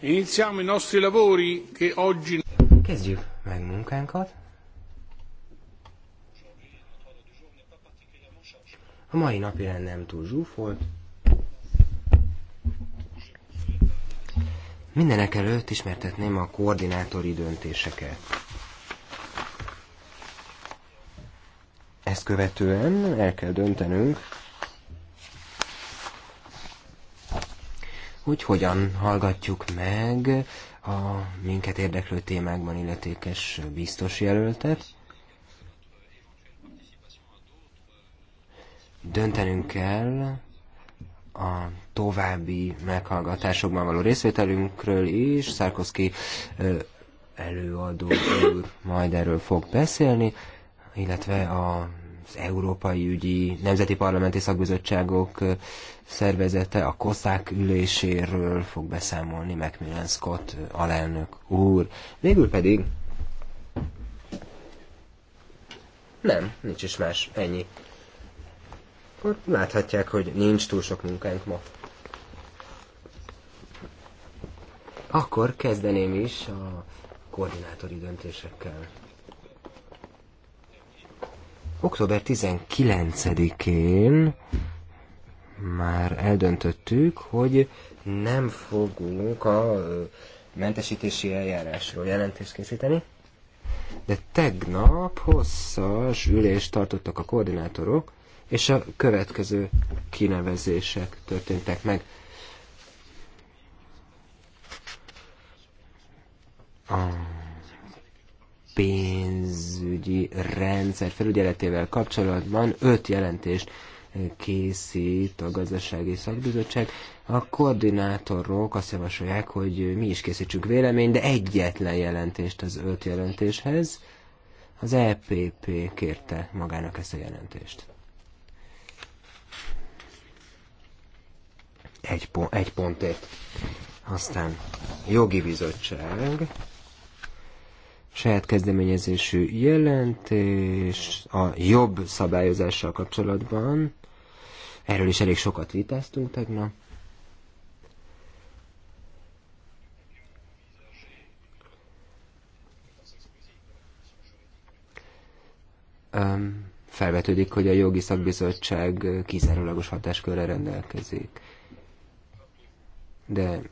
Iniziamo i nostri lavori che oggi... Kezdjük meg munkánkat. A mai napi rend nem túl zsúfolt. Mindenek előtt ismertetném a koordinátori döntéseket. Ezt követően el kell döntenünk, hogy hogyan hallgatjuk meg a minket érdeklő témákban illetékes biztos jelöltet. Döntenünk kell a további meghallgatásokban való részvételünkről is. Szárkoszki előadó úr majd erről fog beszélni, illetve a az Európai Ügyi Nemzeti Parlamenti Szakbizottságok szervezete a koszák üléséről fog beszámolni Macmillan Scott alelnök úr. Végül pedig nem, nincs is más, ennyi. Akkor láthatják, hogy nincs túl sok munkánk ma. Akkor kezdeném is a koordinátori döntésekkel. Október 19-én már eldöntöttük, hogy nem fogunk a mentesítési eljárásról jelentést készíteni, de tegnap hosszas ülést tartottak a koordinátorok, és a következő kinevezések történtek meg. Ah pénzügyi rendszer felügyeletével kapcsolatban öt jelentést készít a gazdasági szakbizottság, a koordinátorok azt javasolják, hogy mi is készítsük véleményt, de egyetlen jelentést az öt jelentéshez. Az EPP kérte magának ezt a jelentést. Egy, pont, egy pontért. Aztán jogi bizottság saját kezdeményezésű jelentés a jobb szabályozással kapcsolatban. Erről is elég sokat vitáztunk tegnap. felvetődik, hogy a jogi szakbizottság kizárólagos hatáskörre rendelkezik. De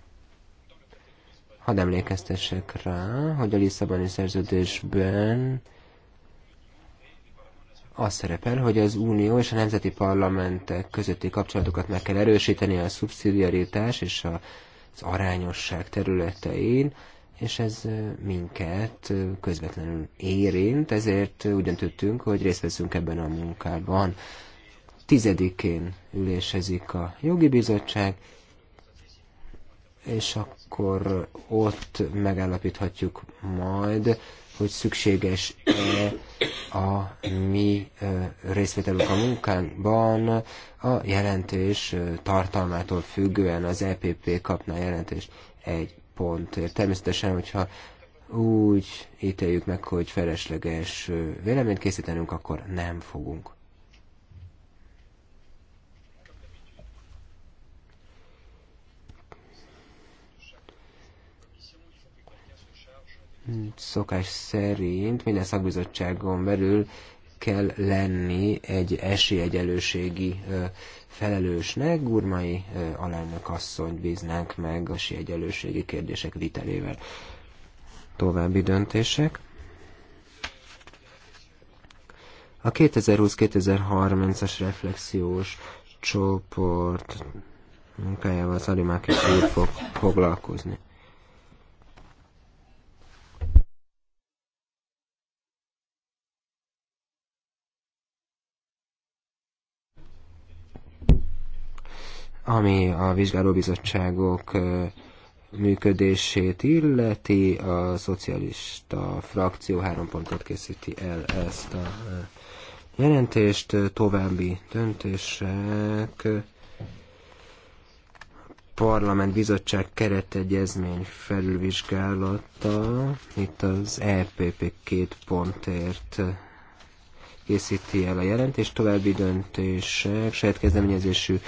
Hadd emlékeztessek rá, hogy a Lisszaboni szerződésben az szerepel, hogy az Unió és a nemzeti parlamentek közötti kapcsolatokat meg kell erősíteni a szubszidiaritás és a, az arányosság területein, és ez minket közvetlenül érint, ezért úgy döntöttünk, hogy részt veszünk ebben a munkában. Tizedikén ülésezik a jogi bizottság, és a akkor ott megállapíthatjuk majd, hogy szükséges-e a mi részvételünk a munkánkban a jelentés tartalmától függően az EPP kapna jelentést egy pontért. Természetesen, hogyha úgy ítéljük meg, hogy felesleges véleményt készítenünk, akkor nem fogunk Szokás szerint minden szakbizottságon belül kell lenni egy esélyegyelőségi felelősnek, Gurmai alelnök asszonyt bíznánk meg a esélyegyelőségi kérdések vitelével. További döntések. A 2020-2030-as reflexiós csoport munkájával Szalimákis is fog foglalkozni. Ami a vizsgálóbizottságok működését illeti, a szocialista frakció három pontot készíti el ezt a jelentést, további döntések, parlament bizottság keretegyezmény felülvizsgálata, itt az EPP két pontért készíti el a jelentést, további döntések, saját kezdeményezésű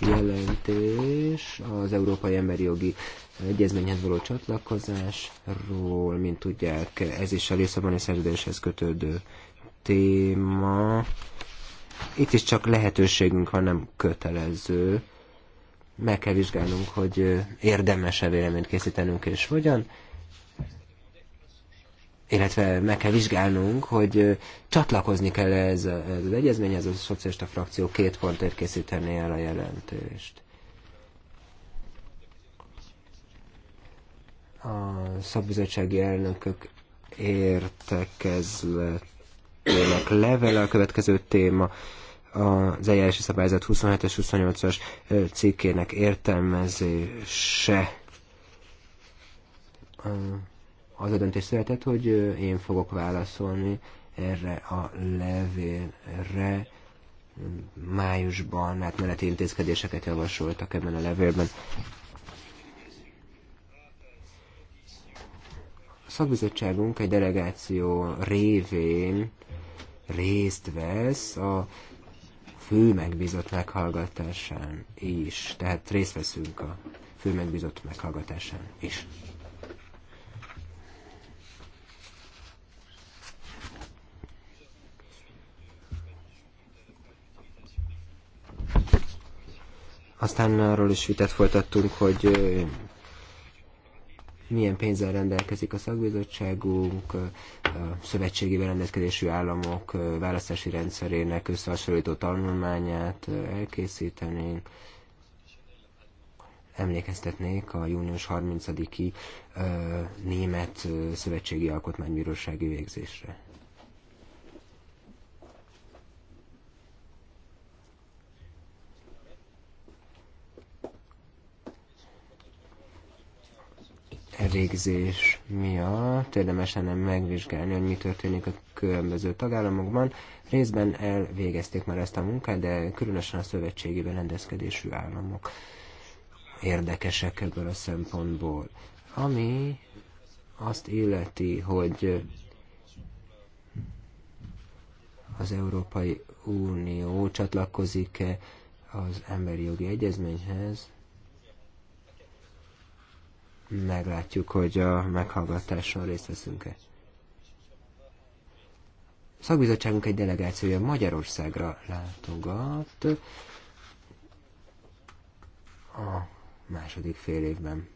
jelentés az Európai Emberi Jogi Egyezményhez való csatlakozásról, mint tudják, ez is a Lisszaboni szerződéshez kötődő téma. Itt is csak lehetőségünk van, nem kötelező. Meg kell vizsgálnunk, hogy érdemes-e véleményt készítenünk, és hogyan illetve meg kell vizsgálnunk, hogy csatlakozni kell ez, ez az egyezményhez, a szocialista frakció két pontért készíteni el a jelentést. A szakbizottsági elnökök értekezletének levele a következő téma az eljárási szabályzat 27-es, 28-as cikkének értelmezése az a döntés született, hogy én fogok válaszolni erre a levélre. Májusban átmeneti intézkedéseket javasoltak ebben a levélben. A szakbizottságunk egy delegáció révén részt vesz a fő megbízott meghallgatásán is. Tehát részt veszünk a fő megbízott meghallgatásán is. Aztán arról is vitet folytattunk, hogy milyen pénzzel rendelkezik a szakbizottságunk, a szövetségi berendezkedésű államok választási rendszerének összehasonlító tanulmányát elkészítenénk. Emlékeztetnék a június 30-i német szövetségi alkotmánybírósági végzésre. végzés miatt érdemes lenne megvizsgálni, hogy mi történik a különböző tagállamokban. Részben elvégezték már ezt a munkát, de különösen a szövetségi berendezkedésű államok érdekesek ebből a szempontból. Ami azt illeti, hogy az Európai Unió csatlakozik-e az emberi jogi egyezményhez, meglátjuk, hogy a meghallgatáson részt veszünk-e. szakbizottságunk egy delegációja Magyarországra látogat a második fél évben.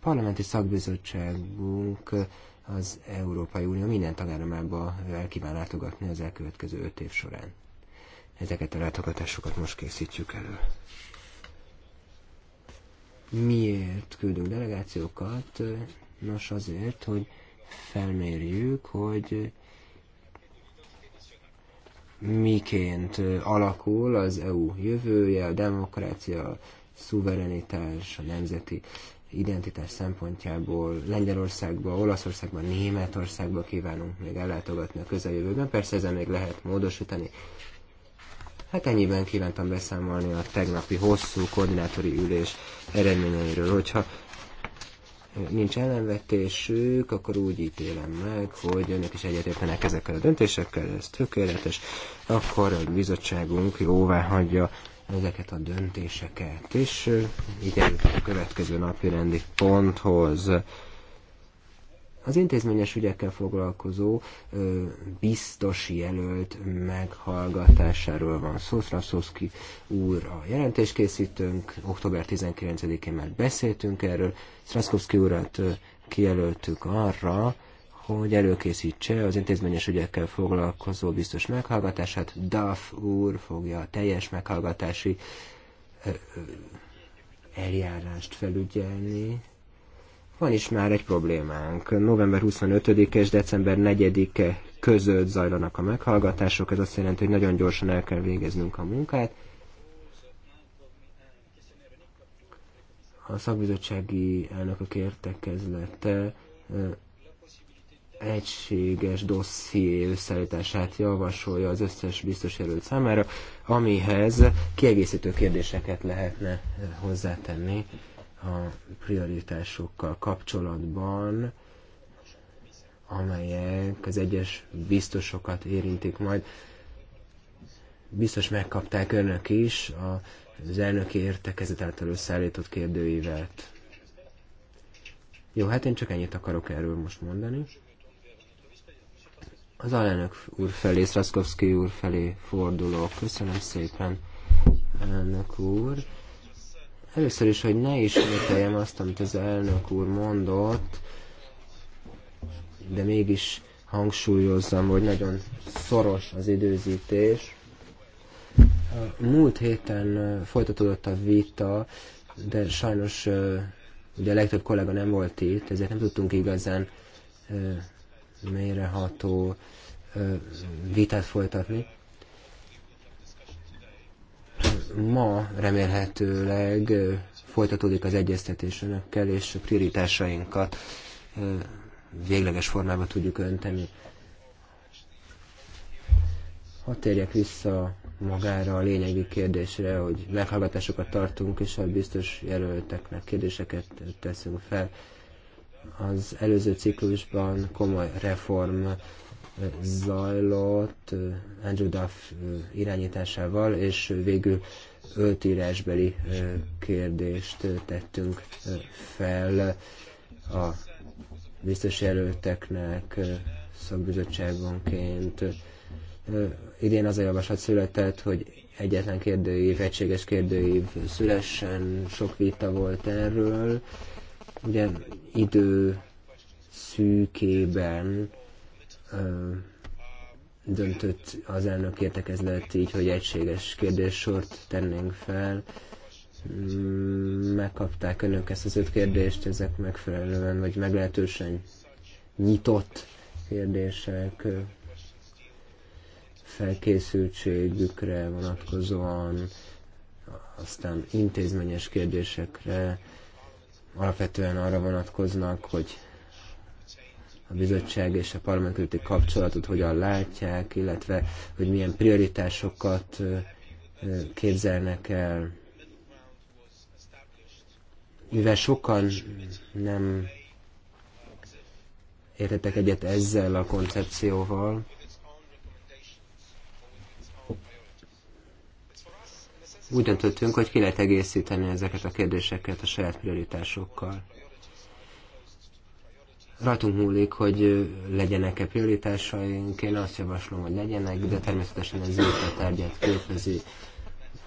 parlamenti szakbizottságunk az Európai Unió minden tagállamába el kíván látogatni az elkövetkező öt év során. Ezeket a látogatásokat most készítjük elő. Miért küldünk delegációkat? Nos, azért, hogy felmérjük, hogy miként alakul az EU jövője, a demokrácia, a szuverenitás, a nemzeti identitás szempontjából Lengyelországba, Olaszországba, Németországba kívánunk még ellátogatni a közeljövőben. Persze ezen még lehet módosítani, Hát ennyiben kívántam beszámolni a tegnapi hosszú koordinátori ülés eredményeiről. Hogyha nincs ellenvetésük, akkor úgy ítélem meg, hogy önök is egyetértenek ezekkel a döntésekkel, ez tökéletes, akkor a bizottságunk jóvá hagyja ezeket a döntéseket, és így a következő napi rendi ponthoz. Az intézményes ügyekkel foglalkozó ö, biztosi jelölt meghallgatásáról van szó. Szraszowski úr a jelentéskészítőnk, október 19-én már beszéltünk erről. Szraszkowski urat ö, kijelöltük arra, hogy előkészítse az intézményes ügyekkel foglalkozó biztos meghallgatását. Duff úr fogja a teljes meghallgatási ö, eljárást felügyelni, van is már egy problémánk. November 25 és december 4-e között zajlanak a meghallgatások. Ez azt jelenti, hogy nagyon gyorsan el kell végeznünk a munkát. A szakbizottsági elnökök értekezlete egységes dosszié összeállítását javasolja az összes biztos jelölt számára, amihez kiegészítő kérdéseket lehetne hozzátenni a prioritásokkal kapcsolatban, amelyek az egyes biztosokat érintik majd. Biztos megkapták önök is az elnöki értekezet által összeállított kérdőívet. Jó, hát én csak ennyit akarok erről most mondani. Az alelnök úr felé, Szraszkowski úr felé fordulok. Köszönöm szépen, elnök úr. Először is, hogy ne ismételjem azt, amit az elnök úr mondott, de mégis hangsúlyozzam, hogy nagyon szoros az időzítés. Múlt héten folytatódott a vita, de sajnos ugye a legtöbb kollega nem volt itt, ezért nem tudtunk igazán mélyreható vitát folytatni. Ma remélhetőleg folytatódik az egyeztetés önökkel, és a prioritásainkat végleges formába tudjuk önteni. Ha térjek vissza magára a lényegi kérdésre, hogy meghallgatásokat tartunk, és a biztos jelölteknek kérdéseket teszünk fel. Az előző ciklusban komoly reform zajlott Andrew Duff irányításával, és végül öt írásbeli kérdést tettünk fel a biztos jelölteknek szakbizottságonként. Idén az a javaslat született, hogy egyetlen kérdőív, egységes kérdőív szülessen, sok vita volt erről. Ugye idő szűkében döntött az elnök értekezlet így, hogy egységes kérdéssort tennénk fel. Mm, megkapták önök ezt az öt kérdést, ezek megfelelően, vagy meglehetősen nyitott kérdések felkészültségükre vonatkozóan, aztán intézményes kérdésekre alapvetően arra vonatkoznak, hogy a bizottság és a parlament közötti kapcsolatot hogyan látják, illetve hogy milyen prioritásokat képzelnek el. Mivel sokan nem értetek egyet ezzel a koncepcióval, úgy döntöttünk, hogy ki lehet egészíteni ezeket a kérdéseket a saját prioritásokkal rajtunk múlik, hogy legyenek-e prioritásaink. Én azt javaslom, hogy legyenek, de természetesen ez a tárgyát képezi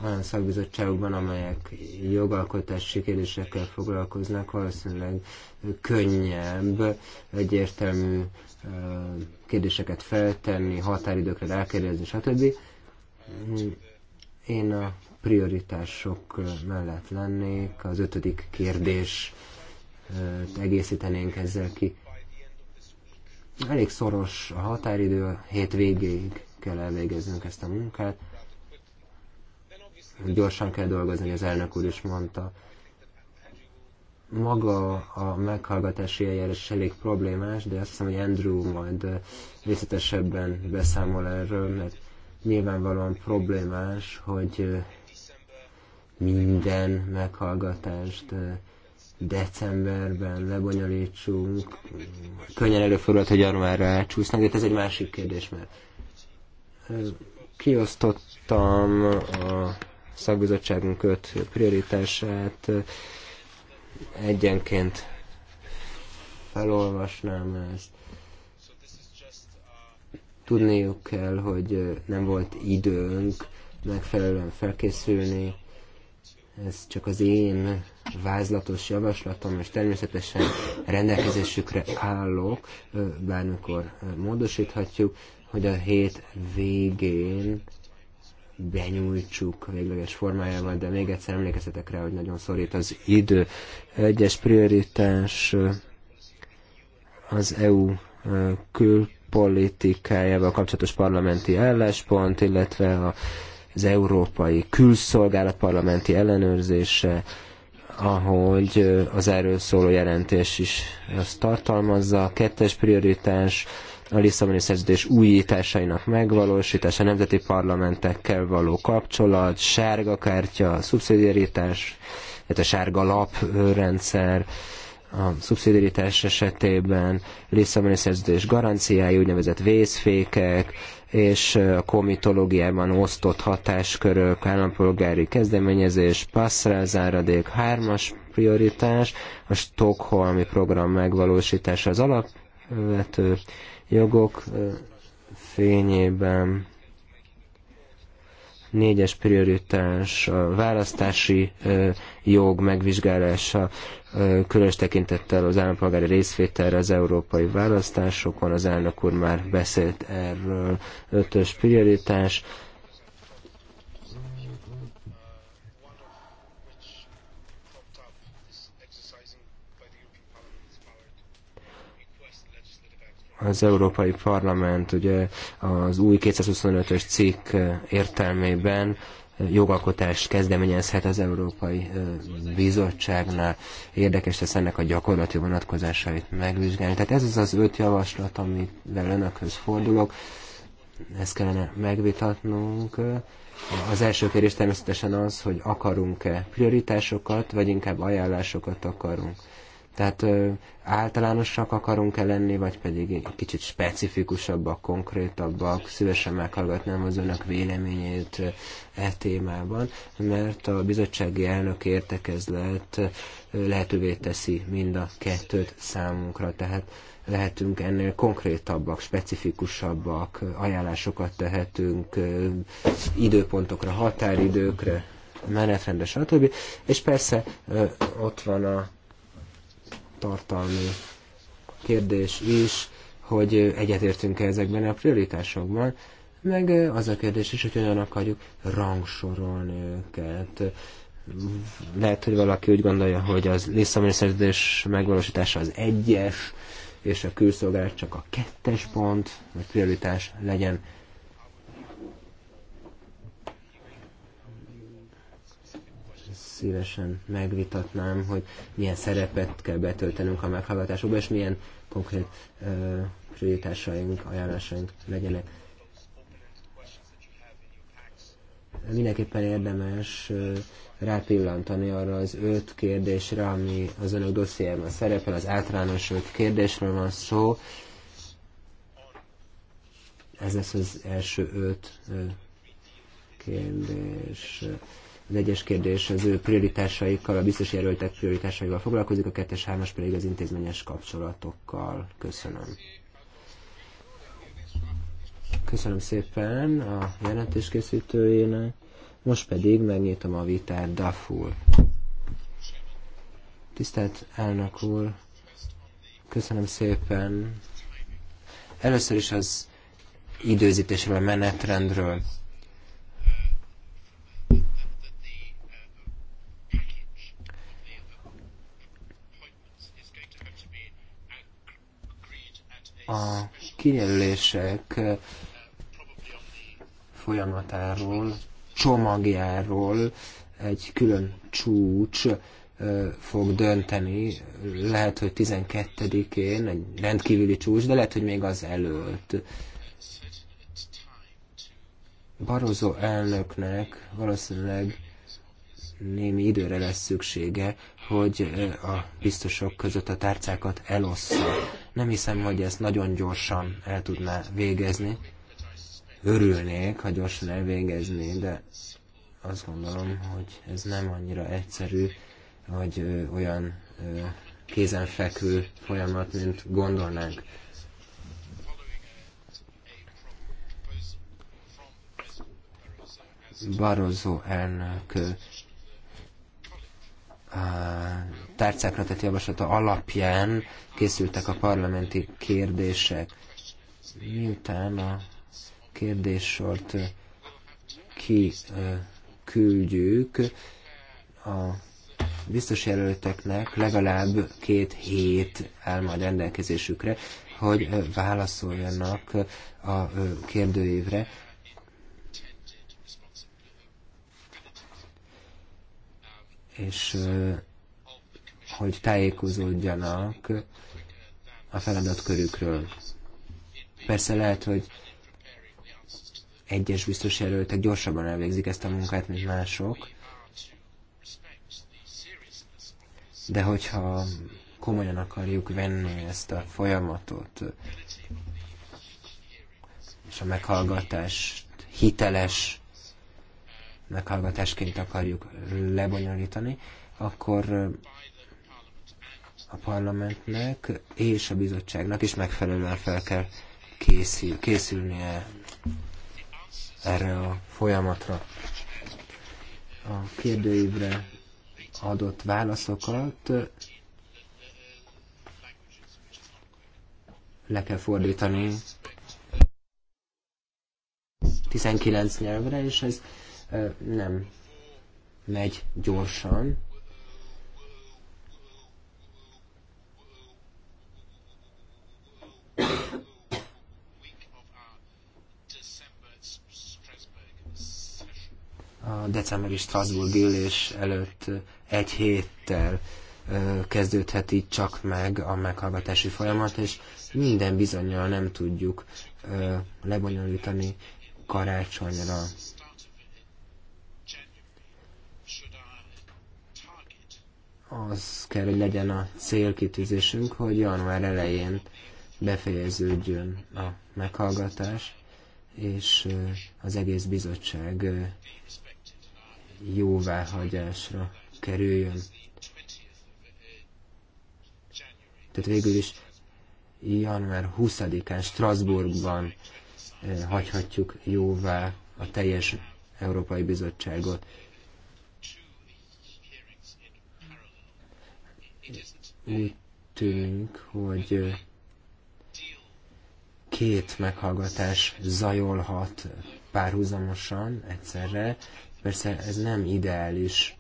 olyan szakbizottságokban, amelyek jogalkotási kérdésekkel foglalkoznak, valószínűleg könnyebb egyértelmű kérdéseket feltenni, határidőkre rákérdezni, stb. Én a prioritások mellett lennék, az ötödik kérdés egészítenénk ezzel ki. Elég szoros a határidő, a hét végéig kell elvégeznünk ezt a munkát. Gyorsan kell dolgozni, az elnök úr is mondta. Maga a meghallgatási eljárás elég problémás, de azt hiszem, hogy Andrew majd részletesebben beszámol erről, mert nyilvánvalóan problémás, hogy minden meghallgatást decemberben lebonyolítsunk. Könnyen előfordulhat, hogy januárra elcsúsznak, de ez egy másik kérdés, mert kiosztottam a szakbizottságunk öt prioritását. Egyenként felolvasnám ezt. Tudniuk kell, hogy nem volt időnk megfelelően felkészülni ez csak az én vázlatos javaslatom, és természetesen rendelkezésükre állok, bármikor módosíthatjuk, hogy a hét végén benyújtsuk végleges formájával, de még egyszer emlékeztetek rá, hogy nagyon szorít az idő. Egyes prioritás az EU külpolitikájával kapcsolatos parlamenti álláspont, illetve a az Európai Külszolgálat parlamenti ellenőrzése, ahogy az erről szóló jelentés is azt tartalmazza. A kettes prioritás a Lisszaboni szerződés újításainak megvalósítása, a nemzeti parlamentekkel való kapcsolat, sárga kártya, a szubszidiaritás, tehát a sárga laprendszer, a szubszidiaritás esetében, Lisszaboni szerződés garanciái, úgynevezett vészfékek, és a komitológiában osztott hatáskörök, állampolgári kezdeményezés, passzrel záradék, hármas prioritás, a Stockholmi program megvalósítása az alapvető jogok fényében Négyes prioritás a választási jog megvizsgálása, különös tekintettel az állampolgári részvételre az európai választásokon, az elnök úr már beszélt erről. Ötös prioritás, az Európai Parlament ugye az új 225-ös cikk értelmében jogalkotást kezdeményezhet az Európai Bizottságnál. Érdekes lesz ennek a gyakorlati vonatkozásait megvizsgálni. Tehát ez az az öt javaslat, amivel önökhöz fordulok. Ezt kellene megvitatnunk. Az első kérdés természetesen az, hogy akarunk-e prioritásokat, vagy inkább ajánlásokat akarunk. Tehát általánosak akarunk-e lenni, vagy pedig kicsit specifikusabbak, konkrétabbak, szívesen meghallgatnám az önök véleményét e témában, mert a bizottsági elnök értekezlet lehetővé teszi mind a kettőt számunkra, tehát lehetünk ennél konkrétabbak, specifikusabbak, ajánlásokat tehetünk időpontokra, határidőkre, menetrendre, stb. És persze ott van a tartalmi kérdés is, hogy egyetértünk-e ezekben a prioritásokban, meg az a kérdés is, hogy olyan akarjuk rangsorolni őket. Lehet, hogy valaki úgy gondolja, hogy az Lisszaboni szerződés megvalósítása az egyes, és a külszolgálat csak a kettes pont, hogy prioritás legyen szívesen megvitatnám, hogy milyen szerepet kell betöltenünk a meghallgatásokba, és milyen konkrét ö, prioritásaink, ajánlásaink legyenek. Mindenképpen érdemes ö, rápillantani arra az öt kérdésre, ami az önök dossziában szerepel, az általános öt kérdésről van szó. Ez lesz az első öt kérdés. Az egyes kérdés az ő prioritásaikkal, a biztos jelöltek prioritásaival foglalkozik, a kettes hármas pedig az intézményes kapcsolatokkal. Köszönöm. Köszönöm szépen a jelentés készítőjének. Most pedig megnyitom a vitát Dafur. Tisztelt elnök úr, köszönöm szépen. Először is az időzítésről, a menetrendről. a kijelölések folyamatáról, csomagjáról egy külön csúcs fog dönteni, lehet, hogy 12-én, egy rendkívüli csúcs, de lehet, hogy még az előtt. Barozó elnöknek valószínűleg némi időre lesz szüksége, hogy a biztosok között a tárcákat elossza. Nem hiszem, hogy ezt nagyon gyorsan el tudná végezni. Örülnék, ha gyorsan elvégezné, de azt gondolom, hogy ez nem annyira egyszerű, vagy ö, olyan ö, kézenfekvő folyamat, mint gondolnánk. Barroso elnök tárcákra tett javaslata alapján készültek a parlamenti kérdések. Miután a kérdéssort kiküldjük, a biztos jelölteknek legalább két hét áll majd rendelkezésükre, hogy válaszoljanak a kérdőívre, és hogy tájékozódjanak a feladatkörükről. Persze lehet, hogy egyes biztos jelöltek gyorsabban elvégzik ezt a munkát, mint mások, de hogyha komolyan akarjuk venni ezt a folyamatot, és a meghallgatást hiteles meghallgatásként akarjuk lebonyolítani, akkor a parlamentnek és a bizottságnak is megfelelően fel kell készül, készülnie erre a folyamatra. A kérdőívre adott válaszokat le kell fordítani 19 nyelvre, és ez nem megy gyorsan. A decemberi Strasbourg ülés előtt egy héttel kezdődhet itt csak meg a meghallgatási folyamat, és minden bizonyal nem tudjuk lebonyolítani karácsonyra az kell, hogy legyen a célkitűzésünk, hogy január elején befejeződjön a meghallgatás, és az egész bizottság jóváhagyásra kerüljön. Tehát végül is január 20-án Strasbourgban hagyhatjuk jóvá a teljes Európai Bizottságot. úgy tűnik, hogy két meghallgatás zajolhat párhuzamosan egyszerre. Persze ez nem ideális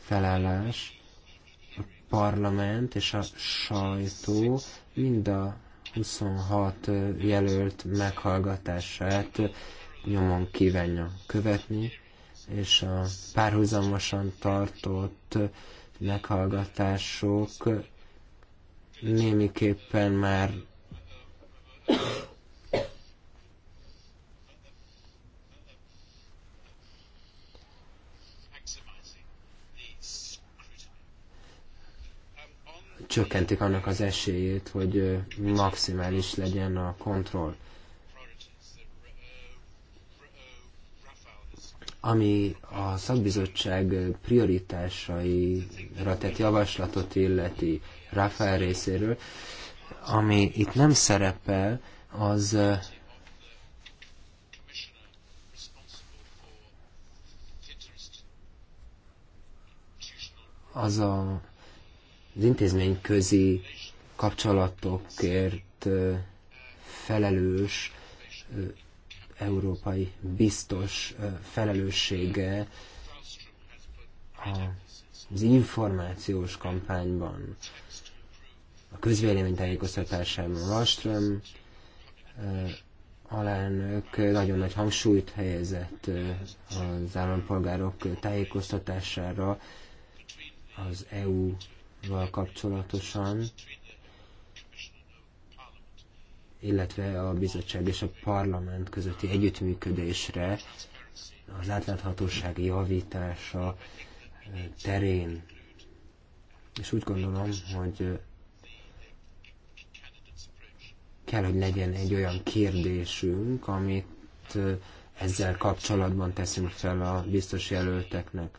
felállás. A parlament és a sajtó mind a 26 jelölt meghallgatását nyomon kívánja követni, és a párhuzamosan tartott meghallgatások némiképpen már csökkentik annak az esélyét, hogy maximális legyen a kontroll. Ami a szakbizottság prioritásaira tett javaslatot illeti Rafael részéről, ami itt nem szerepel, az az a, az közi kapcsolatokért felelős európai biztos felelőssége az információs kampányban, a közvélemény tájékoztatásában Wallström alelnök nagyon nagy hangsúlyt helyezett az állampolgárok tájékoztatására az EU-val kapcsolatosan, illetve a bizottság és a parlament közötti együttműködésre az átláthatóság javítása eh, terén. És úgy gondolom, hogy eh, kell, hogy legyen egy olyan kérdésünk, amit eh, ezzel kapcsolatban teszünk fel a biztos jelölteknek,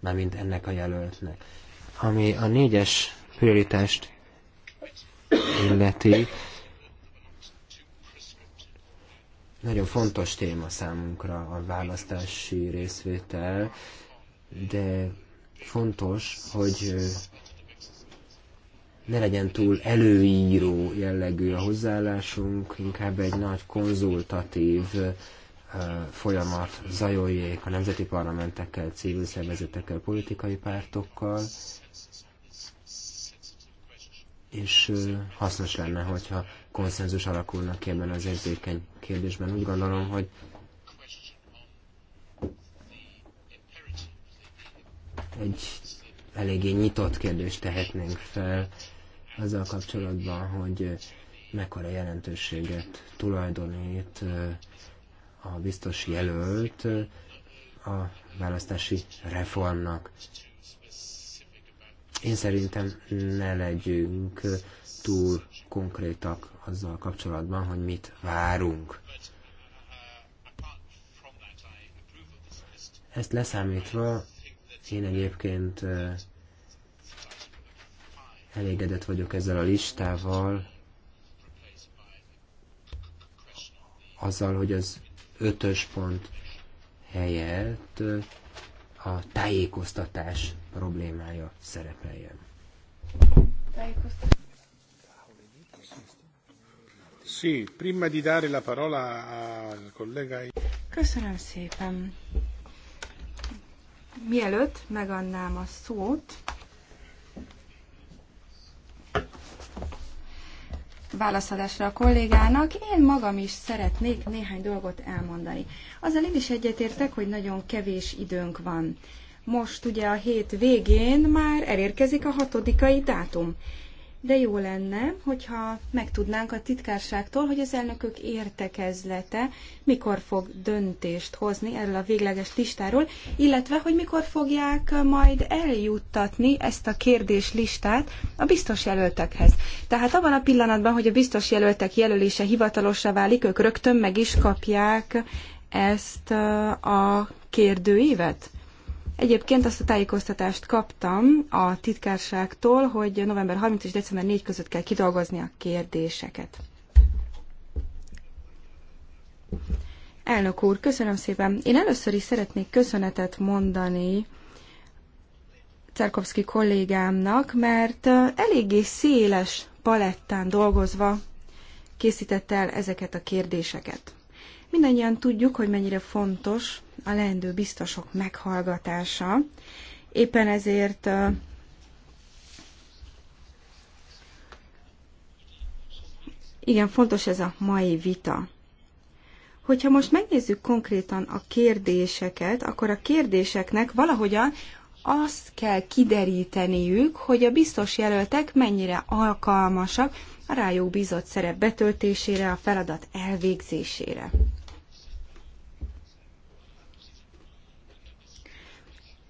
mármint ennek a jelöltnek. Ami a négyes prioritást illeti. Nagyon fontos téma számunkra a választási részvétel, de fontos, hogy ne legyen túl előíró jellegű a hozzáállásunk, inkább egy nagy konzultatív folyamat zajoljék a nemzeti parlamentekkel, civil szervezetekkel, politikai pártokkal, és hasznos lenne, hogyha konszenzus alakulnak ki ebben az érzékeny kérdésben. Úgy gondolom, hogy egy eléggé nyitott kérdést tehetnénk fel azzal kapcsolatban, hogy mekkora jelentőséget tulajdonít a biztos jelölt a választási reformnak. Én szerintem ne legyünk túl konkrétak azzal kapcsolatban, hogy mit várunk. Ezt leszámítva, én egyébként elégedett vagyok ezzel a listával, azzal, hogy az ötös pont helyett a tájékoztatás problémája szerepeljen. Köszönöm szépen. Mielőtt megadnám a szót, válaszadásra a kollégának, én magam is szeretnék néhány dolgot elmondani. Azzal én is egyetértek, hogy nagyon kevés időnk van. Most ugye a hét végén már elérkezik a hatodikai dátum. De jó lenne, hogyha megtudnánk a titkárságtól, hogy az elnökök értekezlete mikor fog döntést hozni erről a végleges listáról, illetve hogy mikor fogják majd eljuttatni ezt a kérdéslistát a biztos jelöltekhez. Tehát abban a pillanatban, hogy a biztos jelöltek jelölése hivatalosra válik, ők rögtön meg is kapják ezt a kérdőívet? Egyébként azt a tájékoztatást kaptam a titkárságtól, hogy november 30 és december 4 között kell kidolgozni a kérdéseket. Elnök úr, köszönöm szépen. Én először is szeretnék köszönetet mondani Cerkovszki kollégámnak, mert eléggé széles palettán dolgozva készítette el ezeket a kérdéseket. Mindannyian tudjuk, hogy mennyire fontos a leendő biztosok meghallgatása. Éppen ezért igen, fontos ez a mai vita. Hogyha most megnézzük konkrétan a kérdéseket, akkor a kérdéseknek valahogyan azt kell kideríteniük, hogy a biztos jelöltek mennyire alkalmasak a rájuk bízott szerep betöltésére, a feladat elvégzésére.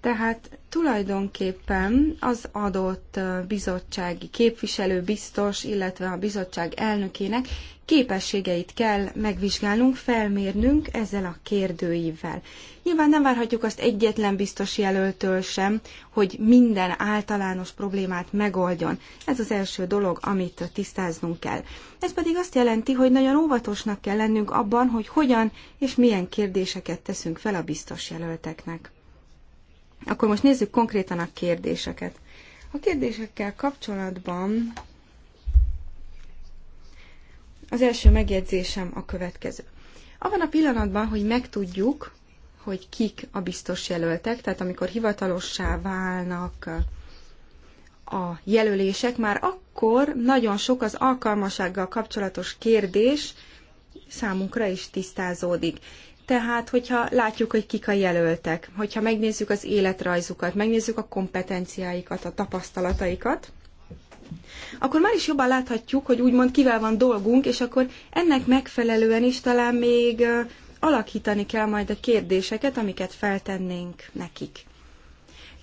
Tehát tulajdonképpen az adott bizottsági képviselő, biztos, illetve a bizottság elnökének képességeit kell megvizsgálnunk, felmérnünk ezzel a kérdőivel. Nyilván nem várhatjuk azt egyetlen biztos jelöltől sem, hogy minden általános problémát megoldjon. Ez az első dolog, amit tisztáznunk kell. Ez pedig azt jelenti, hogy nagyon óvatosnak kell lennünk abban, hogy hogyan és milyen kérdéseket teszünk fel a biztos jelölteknek. Akkor most nézzük konkrétan a kérdéseket. A kérdésekkel kapcsolatban az első megjegyzésem a következő. Abban a pillanatban, hogy megtudjuk, hogy kik a biztos jelöltek, tehát amikor hivatalossá válnak a jelölések, már akkor nagyon sok az alkalmasággal kapcsolatos kérdés számunkra is tisztázódik. Tehát, hogyha látjuk, hogy kik a jelöltek, hogyha megnézzük az életrajzukat, megnézzük a kompetenciáikat, a tapasztalataikat, akkor már is jobban láthatjuk, hogy úgymond kivel van dolgunk, és akkor ennek megfelelően is talán még alakítani kell majd a kérdéseket, amiket feltennénk nekik.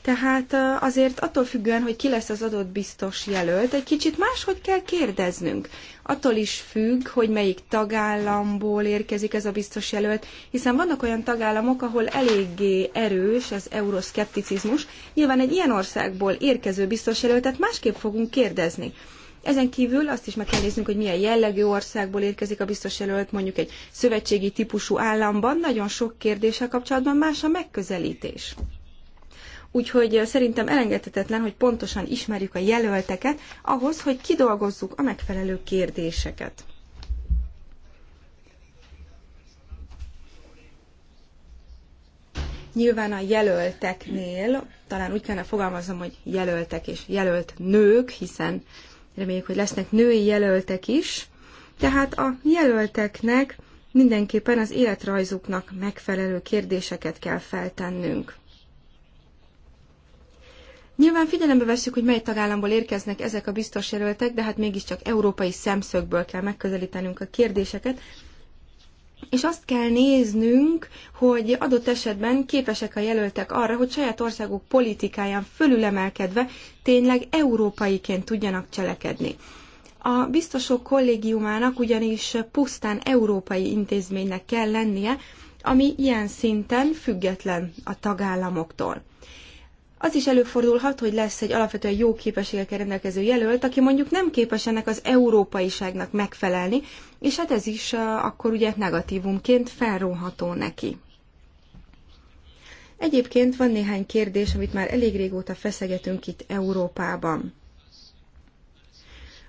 Tehát azért attól függően, hogy ki lesz az adott biztos jelölt, egy kicsit máshogy kell kérdeznünk attól is függ, hogy melyik tagállamból érkezik ez a biztos jelölt, hiszen vannak olyan tagállamok, ahol eléggé erős az euroszkepticizmus. Nyilván egy ilyen országból érkező biztos jelöltet másképp fogunk kérdezni. Ezen kívül azt is meg kell néznünk, hogy milyen jellegű országból érkezik a biztos jelölt, mondjuk egy szövetségi típusú államban. Nagyon sok kérdéssel kapcsolatban más a megközelítés. Úgyhogy szerintem elengedhetetlen, hogy pontosan ismerjük a jelölteket ahhoz, hogy kidolgozzuk a megfelelő kérdéseket. Nyilván a jelölteknél, talán úgy kellene fogalmazom, hogy jelöltek és jelölt nők, hiszen reméljük, hogy lesznek női jelöltek is. Tehát a jelölteknek mindenképpen az életrajzuknak megfelelő kérdéseket kell feltennünk. Nyilván figyelembe vesszük, hogy mely tagállamból érkeznek ezek a biztos jelöltek, de hát mégiscsak európai szemszögből kell megközelítenünk a kérdéseket, és azt kell néznünk, hogy adott esetben képesek a jelöltek arra, hogy saját országuk politikáján fölülemelkedve tényleg európaiként tudjanak cselekedni. A biztosok kollégiumának ugyanis pusztán európai intézménynek kell lennie, ami ilyen szinten független a tagállamoktól. Az is előfordulhat, hogy lesz egy alapvetően jó képességekkel rendelkező jelölt, aki mondjuk nem képes ennek az európaiságnak megfelelni, és hát ez is akkor ugye negatívumként felróható neki. Egyébként van néhány kérdés, amit már elég régóta feszegetünk itt Európában.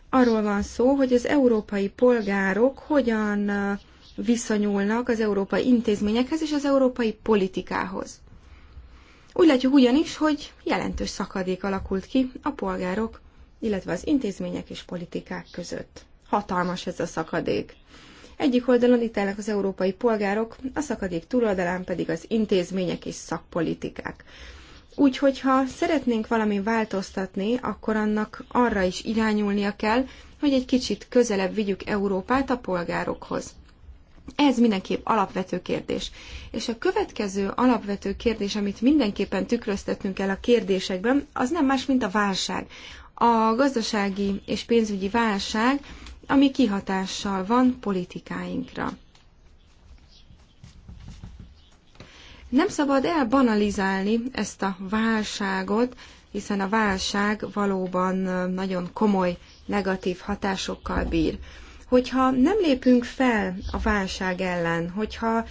Arról van szó, hogy az európai polgárok hogyan viszonyulnak az európai intézményekhez és az európai politikához. Úgy látjuk ugyanis, hogy jelentős szakadék alakult ki a polgárok, illetve az intézmények és politikák között. Hatalmas ez a szakadék. Egyik oldalon itt állnak az európai polgárok, a szakadék túloldalán pedig az intézmények és szakpolitikák. Úgyhogy ha szeretnénk valami változtatni, akkor annak arra is irányulnia kell, hogy egy kicsit közelebb vigyük Európát a polgárokhoz. Ez mindenképp alapvető kérdés. És a következő alapvető kérdés, amit mindenképpen tükröztetnünk kell a kérdésekben, az nem más, mint a válság. A gazdasági és pénzügyi válság, ami kihatással van politikáinkra. Nem szabad elbanalizálni ezt a válságot, hiszen a válság valóban nagyon komoly negatív hatásokkal bír. Hogyha nem lépünk fel a válság ellen, hogyha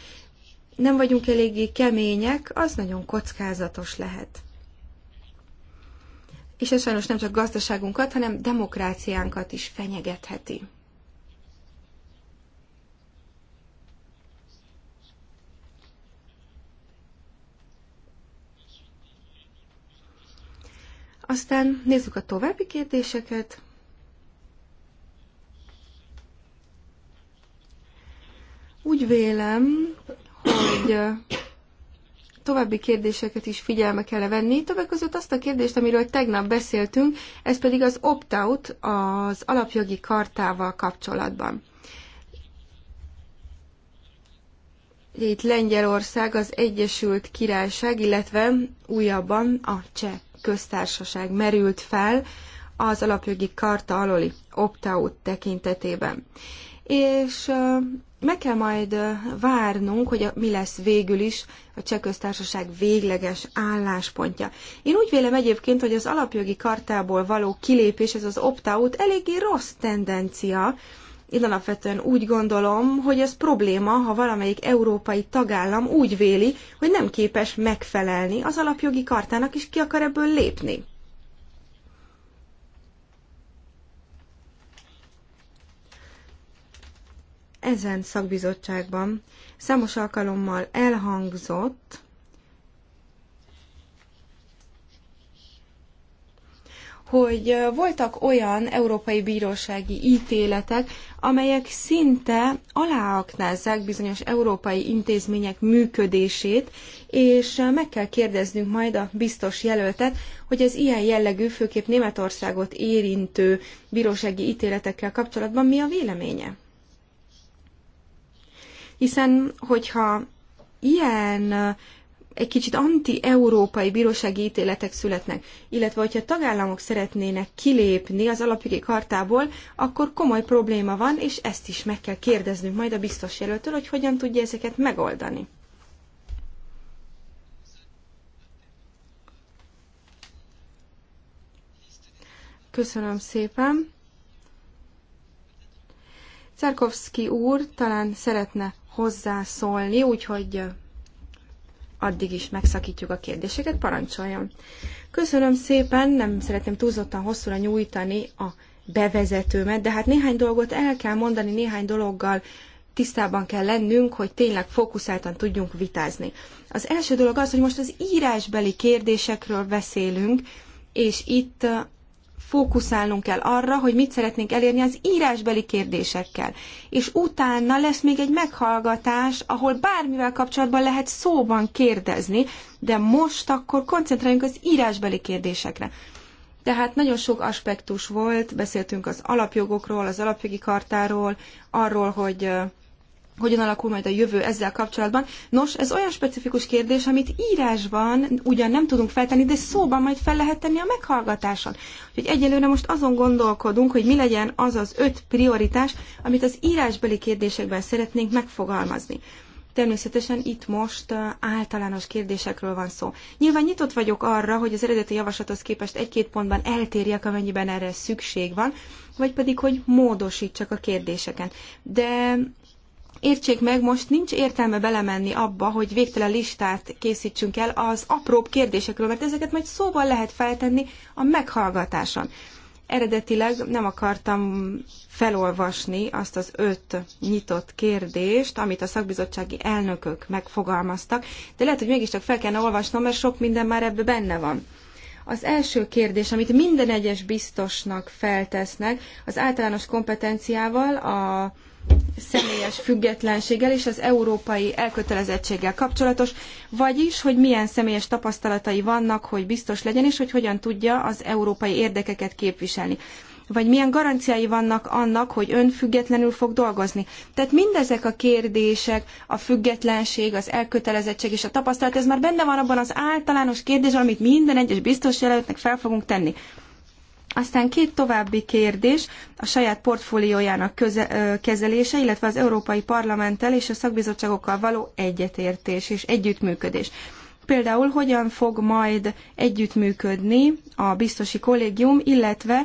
nem vagyunk eléggé kemények, az nagyon kockázatos lehet. És ez sajnos nem csak gazdaságunkat, hanem demokráciánkat is fenyegetheti. Aztán nézzük a további kérdéseket. Úgy vélem, hogy további kérdéseket is figyelme kell venni, többek között azt a kérdést, amiről tegnap beszéltünk, ez pedig az opt-out az alapjogi kartával kapcsolatban. Itt Lengyelország, az Egyesült Királyság, illetve újabban a Cseh köztársaság merült fel az alapjogi karta aloli opt-out tekintetében. És meg kell majd várnunk, hogy a, mi lesz végül is a cseh köztársaság végleges álláspontja. Én úgy vélem egyébként, hogy az alapjogi kartából való kilépés, ez az opt-out eléggé rossz tendencia. Én alapvetően úgy gondolom, hogy ez probléma, ha valamelyik európai tagállam úgy véli, hogy nem képes megfelelni az alapjogi kartának, és ki akar ebből lépni. ezen szakbizottságban számos alkalommal elhangzott, hogy voltak olyan európai bírósági ítéletek, amelyek szinte aláaknázzák bizonyos európai intézmények működését, és meg kell kérdeznünk majd a biztos jelöltet, hogy az ilyen jellegű, főképp Németországot érintő bírósági ítéletekkel kapcsolatban mi a véleménye. Hiszen, hogyha ilyen egy kicsit anti-európai bírósági ítéletek születnek, illetve hogyha tagállamok szeretnének kilépni az alapjogi kartából, akkor komoly probléma van, és ezt is meg kell kérdeznünk majd a biztos jelöltől, hogy hogyan tudja ezeket megoldani. Köszönöm szépen. Czerkovszki úr talán szeretne hozzászólni, úgyhogy addig is megszakítjuk a kérdéseket, parancsoljon. Köszönöm szépen, nem szeretném túlzottan hosszúra nyújtani a bevezetőmet, de hát néhány dolgot el kell mondani, néhány dologgal tisztában kell lennünk, hogy tényleg fókuszáltan tudjunk vitázni. Az első dolog az, hogy most az írásbeli kérdésekről beszélünk, és itt fókuszálnunk kell arra, hogy mit szeretnénk elérni az írásbeli kérdésekkel. És utána lesz még egy meghallgatás, ahol bármivel kapcsolatban lehet szóban kérdezni, de most akkor koncentráljunk az írásbeli kérdésekre. Tehát nagyon sok aspektus volt, beszéltünk az alapjogokról, az alapjogi kartáról, arról, hogy hogyan alakul majd a jövő ezzel kapcsolatban. Nos, ez olyan specifikus kérdés, amit írásban ugyan nem tudunk feltenni, de szóban majd fel lehet tenni a meghallgatáson. Úgyhogy egyelőre most azon gondolkodunk, hogy mi legyen az az öt prioritás, amit az írásbeli kérdésekben szeretnénk megfogalmazni. Természetesen itt most általános kérdésekről van szó. Nyilván nyitott vagyok arra, hogy az eredeti javaslathoz képest egy-két pontban eltérjek, amennyiben erre szükség van, vagy pedig, hogy módosítsak a kérdéseken. De Értsék meg, most nincs értelme belemenni abba, hogy végtelen listát készítsünk el az apróbb kérdésekről, mert ezeket majd szóval lehet feltenni a meghallgatáson. Eredetileg nem akartam felolvasni azt az öt nyitott kérdést, amit a szakbizottsági elnökök megfogalmaztak, de lehet, hogy mégiscsak fel kellene olvasnom, mert sok minden már ebbe benne van. Az első kérdés, amit minden egyes biztosnak feltesznek, az általános kompetenciával a személyes függetlenséggel és az európai elkötelezettséggel kapcsolatos, vagyis, hogy milyen személyes tapasztalatai vannak, hogy biztos legyen, és hogy hogyan tudja az európai érdekeket képviselni vagy milyen garanciái vannak annak, hogy ön függetlenül fog dolgozni. Tehát mindezek a kérdések, a függetlenség, az elkötelezettség és a tapasztalat, ez már benne van abban az általános kérdésben, amit minden egyes biztos jelöltnek fel fogunk tenni. Aztán két további kérdés, a saját portfóliójának köze, kezelése, illetve az Európai Parlamenttel és a szakbizottságokkal való egyetértés és együttműködés. Például hogyan fog majd együttműködni a biztosi kollégium, illetve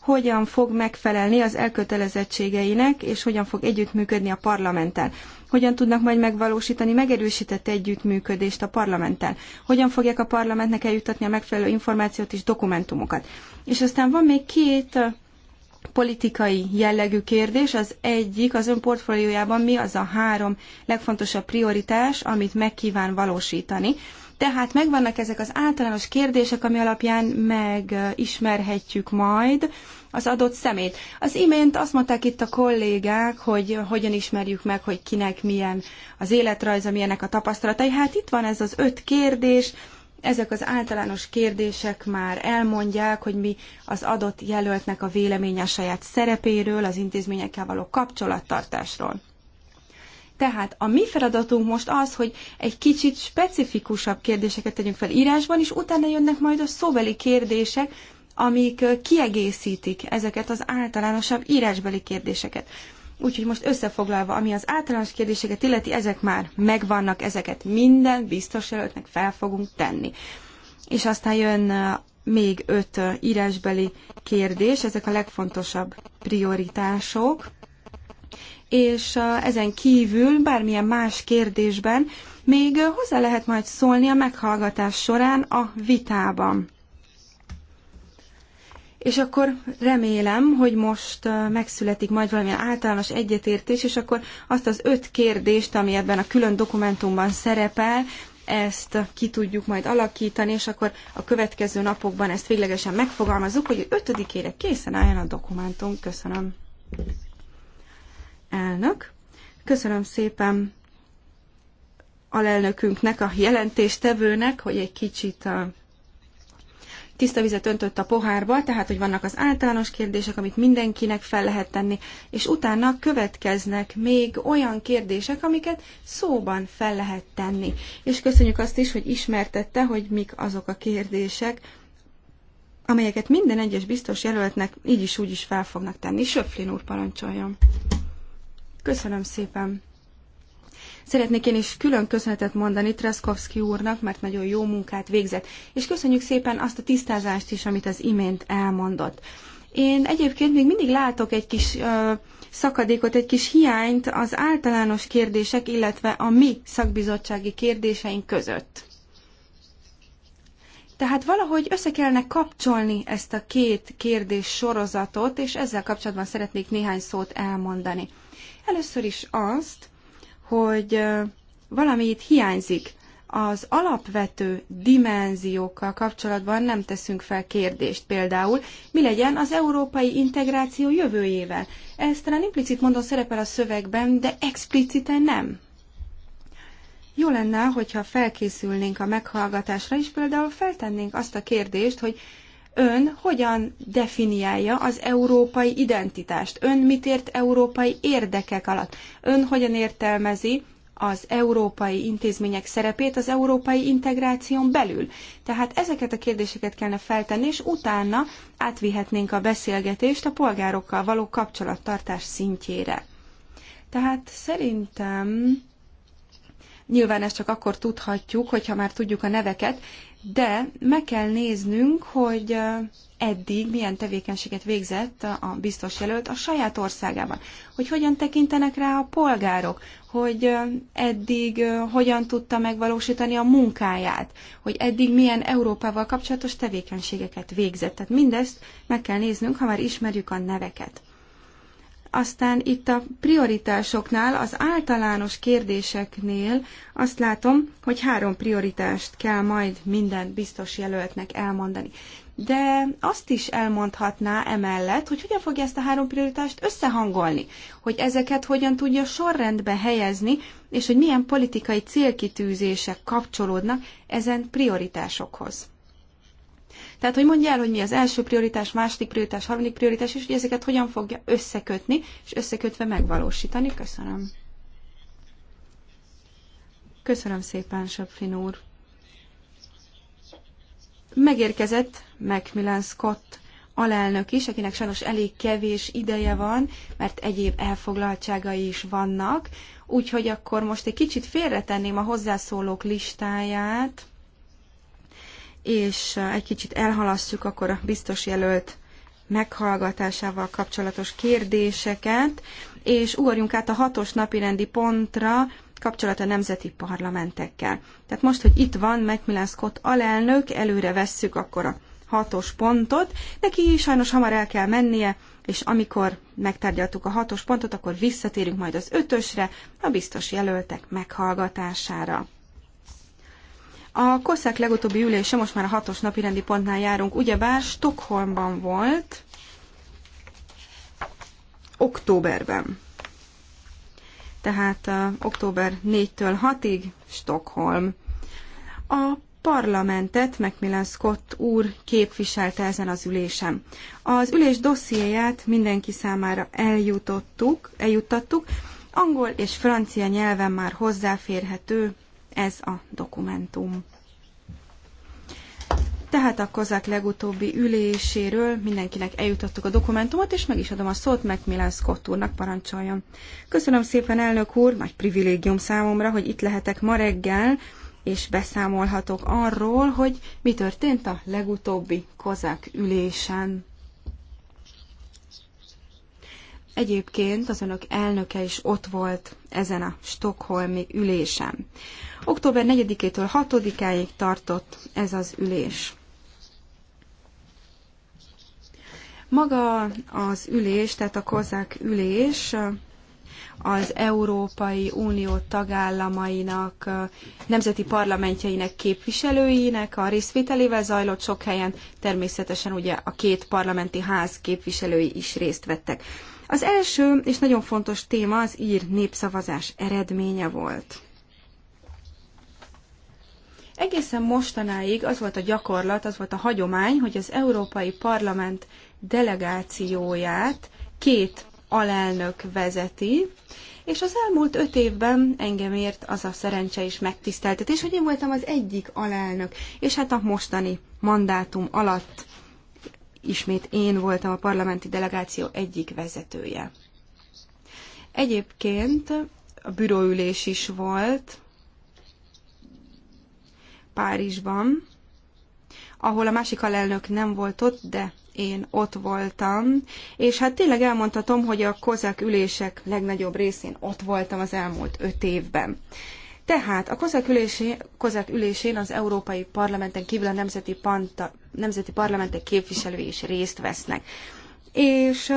hogyan fog megfelelni az elkötelezettségeinek, és hogyan fog együttműködni a parlamenttel hogyan tudnak majd megvalósítani megerősített együttműködést a parlamenttel, hogyan fogják a parlamentnek eljuttatni a megfelelő információt és dokumentumokat. És aztán van még két politikai jellegű kérdés. Az egyik, az ön portfóliójában mi az a három legfontosabb prioritás, amit meg kíván valósítani. Tehát megvannak ezek az általános kérdések, ami alapján megismerhetjük majd az adott szemét. Az imént azt mondták itt a kollégák, hogy hogyan ismerjük meg, hogy kinek milyen az életrajza, milyenek a tapasztalatai. Hát itt van ez az öt kérdés, ezek az általános kérdések már elmondják, hogy mi az adott jelöltnek a véleménye a saját szerepéről, az intézményekkel való kapcsolattartásról. Tehát a mi feladatunk most az, hogy egy kicsit specifikusabb kérdéseket tegyünk fel írásban, és utána jönnek majd a szóbeli kérdések, amik kiegészítik ezeket az általánosabb írásbeli kérdéseket. Úgyhogy most összefoglalva, ami az általános kérdéseket illeti, ezek már megvannak, ezeket minden biztos jelöltnek fel fogunk tenni. És aztán jön még öt írásbeli kérdés, ezek a legfontosabb prioritások, és ezen kívül bármilyen más kérdésben még hozzá lehet majd szólni a meghallgatás során a vitában. És akkor remélem, hogy most megszületik majd valamilyen általános egyetértés, és akkor azt az öt kérdést, ami ebben a külön dokumentumban szerepel, ezt ki tudjuk majd alakítani, és akkor a következő napokban ezt véglegesen megfogalmazzuk, hogy ötödikére készen álljon a dokumentum. Köszönöm. Elnök. Köszönöm szépen alelnökünknek, a jelentéstevőnek, hogy egy kicsit a tiszta vizet öntött a pohárba, tehát hogy vannak az általános kérdések, amit mindenkinek fel lehet tenni, és utána következnek még olyan kérdések, amiket szóban fel lehet tenni. És köszönjük azt is, hogy ismertette, hogy mik azok a kérdések, amelyeket minden egyes biztos jelöltnek így is úgy is fel fognak tenni. Söflin úr parancsoljon. Köszönöm szépen. Szeretnék én is külön köszönetet mondani Treszkowski úrnak, mert nagyon jó munkát végzett. És köszönjük szépen azt a tisztázást is, amit az imént elmondott. Én egyébként még mindig látok egy kis ö, szakadékot, egy kis hiányt az általános kérdések, illetve a mi szakbizottsági kérdéseink között. Tehát valahogy össze kellene kapcsolni ezt a két kérdés sorozatot, és ezzel kapcsolatban szeretnék néhány szót elmondani. Először is azt, hogy valami itt hiányzik. Az alapvető dimenziókkal kapcsolatban nem teszünk fel kérdést. Például, mi legyen az európai integráció jövőjével? Ez talán implicit mondom szerepel a szövegben, de expliciten nem. Jó lenne, hogyha felkészülnénk a meghallgatásra, és például feltennénk azt a kérdést, hogy ön hogyan definiálja az európai identitást? Ön mit ért európai érdekek alatt? Ön hogyan értelmezi az európai intézmények szerepét az európai integráción belül? Tehát ezeket a kérdéseket kellene feltenni, és utána átvihetnénk a beszélgetést a polgárokkal való kapcsolattartás szintjére. Tehát szerintem Nyilván ezt csak akkor tudhatjuk, hogyha már tudjuk a neveket, de meg kell néznünk, hogy eddig milyen tevékenységet végzett a biztos jelölt a saját országában, hogy hogyan tekintenek rá a polgárok, hogy eddig hogyan tudta megvalósítani a munkáját, hogy eddig milyen Európával kapcsolatos tevékenységeket végzett. Tehát mindezt meg kell néznünk, ha már ismerjük a neveket. Aztán itt a prioritásoknál, az általános kérdéseknél azt látom, hogy három prioritást kell majd minden biztos jelöltnek elmondani. De azt is elmondhatná emellett, hogy hogyan fogja ezt a három prioritást összehangolni, hogy ezeket hogyan tudja sorrendbe helyezni, és hogy milyen politikai célkitűzések kapcsolódnak ezen prioritásokhoz. Tehát, hogy mondja el, hogy mi az első prioritás, második prioritás, harmadik prioritás, és hogy ezeket hogyan fogja összekötni, és összekötve megvalósítani. Köszönöm. Köszönöm szépen, Söpfin úr. Megérkezett Macmillan Scott alelnök is, akinek sajnos elég kevés ideje van, mert egyéb elfoglaltságai is vannak, úgyhogy akkor most egy kicsit félretenném a hozzászólók listáját és egy kicsit elhalasztjuk akkor a biztos jelölt meghallgatásával kapcsolatos kérdéseket, és ugorjunk át a hatos napirendi pontra, kapcsolat a nemzeti parlamentekkel. Tehát most, hogy itt van Macmillan Scott alelnök, előre vesszük akkor a hatos pontot. Neki sajnos hamar el kell mennie, és amikor megtárgyaltuk a hatos pontot, akkor visszatérünk majd az ötösre, a biztos jelöltek meghallgatására. A Kosszák legutóbbi ülése, most már a hatos napi rendi pontnál járunk, ugyebár Stockholmban volt, októberben. Tehát uh, október 4-től 6-ig Stockholm. A parlamentet Macmillan Scott úr képviselte ezen az ülésen. Az ülés dossziéját mindenki számára eljutottuk, eljuttattuk, angol és francia nyelven már hozzáférhető ez a dokumentum. Tehát a kozák legutóbbi üléséről mindenkinek eljutottuk a dokumentumot, és meg is adom a szót Macmillan Scott úrnak, parancsoljon. Köszönöm szépen, elnök úr, nagy privilégium számomra, hogy itt lehetek ma reggel, és beszámolhatok arról, hogy mi történt a legutóbbi kozák ülésen. Egyébként az önök elnöke is ott volt ezen a stokholmi ülésen. Október 4-től 6-áig tartott ez az ülés. Maga az ülés, tehát a kozák ülés az Európai Unió tagállamainak, nemzeti parlamentjeinek képviselőinek a részvételével zajlott sok helyen, természetesen ugye a két parlamenti ház képviselői is részt vettek. Az első és nagyon fontos téma az ír népszavazás eredménye volt. Egészen mostanáig az volt a gyakorlat, az volt a hagyomány, hogy az Európai Parlament delegációját két alelnök vezeti, és az elmúlt öt évben engem ért az a szerencse is megtiszteltetés, hogy én voltam az egyik alelnök, és hát a mostani mandátum alatt ismét én voltam a parlamenti delegáció egyik vezetője. Egyébként a büroülés is volt Párizsban, ahol a másik alelnök nem volt ott, de én ott voltam, és hát tényleg elmondhatom, hogy a kozák ülések legnagyobb részén ott voltam az elmúlt öt évben. Tehát a kozák, ülésé, kozák ülésén az Európai Parlamenten kívül a nemzeti, panta, nemzeti parlamentek képviselői is részt vesznek. És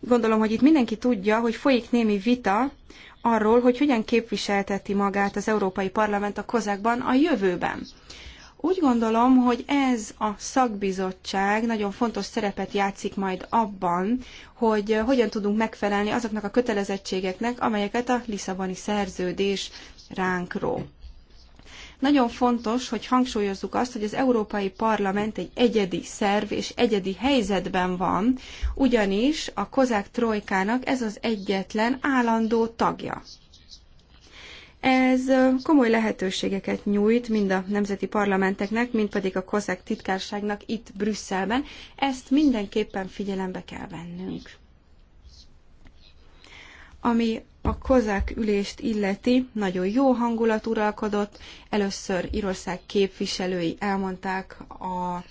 gondolom, hogy itt mindenki tudja, hogy folyik némi vita arról, hogy hogyan képviselteti magát az Európai Parlament a kozákban a jövőben. Úgy gondolom, hogy ez a szakbizottság nagyon fontos szerepet játszik majd abban, hogy hogyan tudunk megfelelni azoknak a kötelezettségeknek, amelyeket a Lisszaboni szerződés ránk ró. Nagyon fontos, hogy hangsúlyozzuk azt, hogy az Európai Parlament egy egyedi szerv és egyedi helyzetben van, ugyanis a Kozák Trojkának ez az egyetlen állandó tagja. Ez komoly lehetőségeket nyújt mind a nemzeti parlamenteknek, mind pedig a kozák titkárságnak itt Brüsszelben. Ezt mindenképpen figyelembe kell vennünk. Ami a kozák ülést illeti, nagyon jó hangulat uralkodott. Először Írország képviselői elmondták a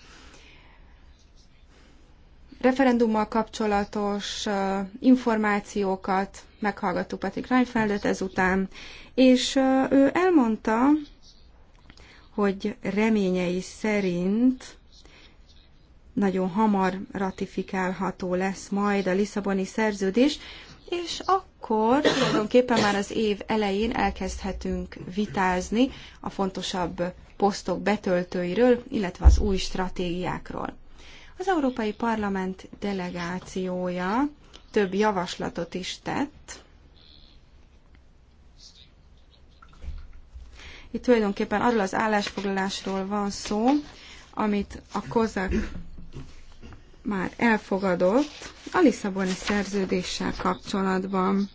referendummal kapcsolatos információkat, meghallgattuk Patrick Reinfeldet ezután, és ő elmondta, hogy reményei szerint nagyon hamar ratifikálható lesz majd a Lisszaboni szerződés, és akkor tulajdonképpen már az év elején elkezdhetünk vitázni a fontosabb posztok betöltőiről, illetve az új stratégiákról. Az Európai Parlament delegációja több javaslatot is tett. Itt tulajdonképpen arról az állásfoglalásról van szó, amit a kozak már elfogadott a Lisszaboni szerződéssel kapcsolatban.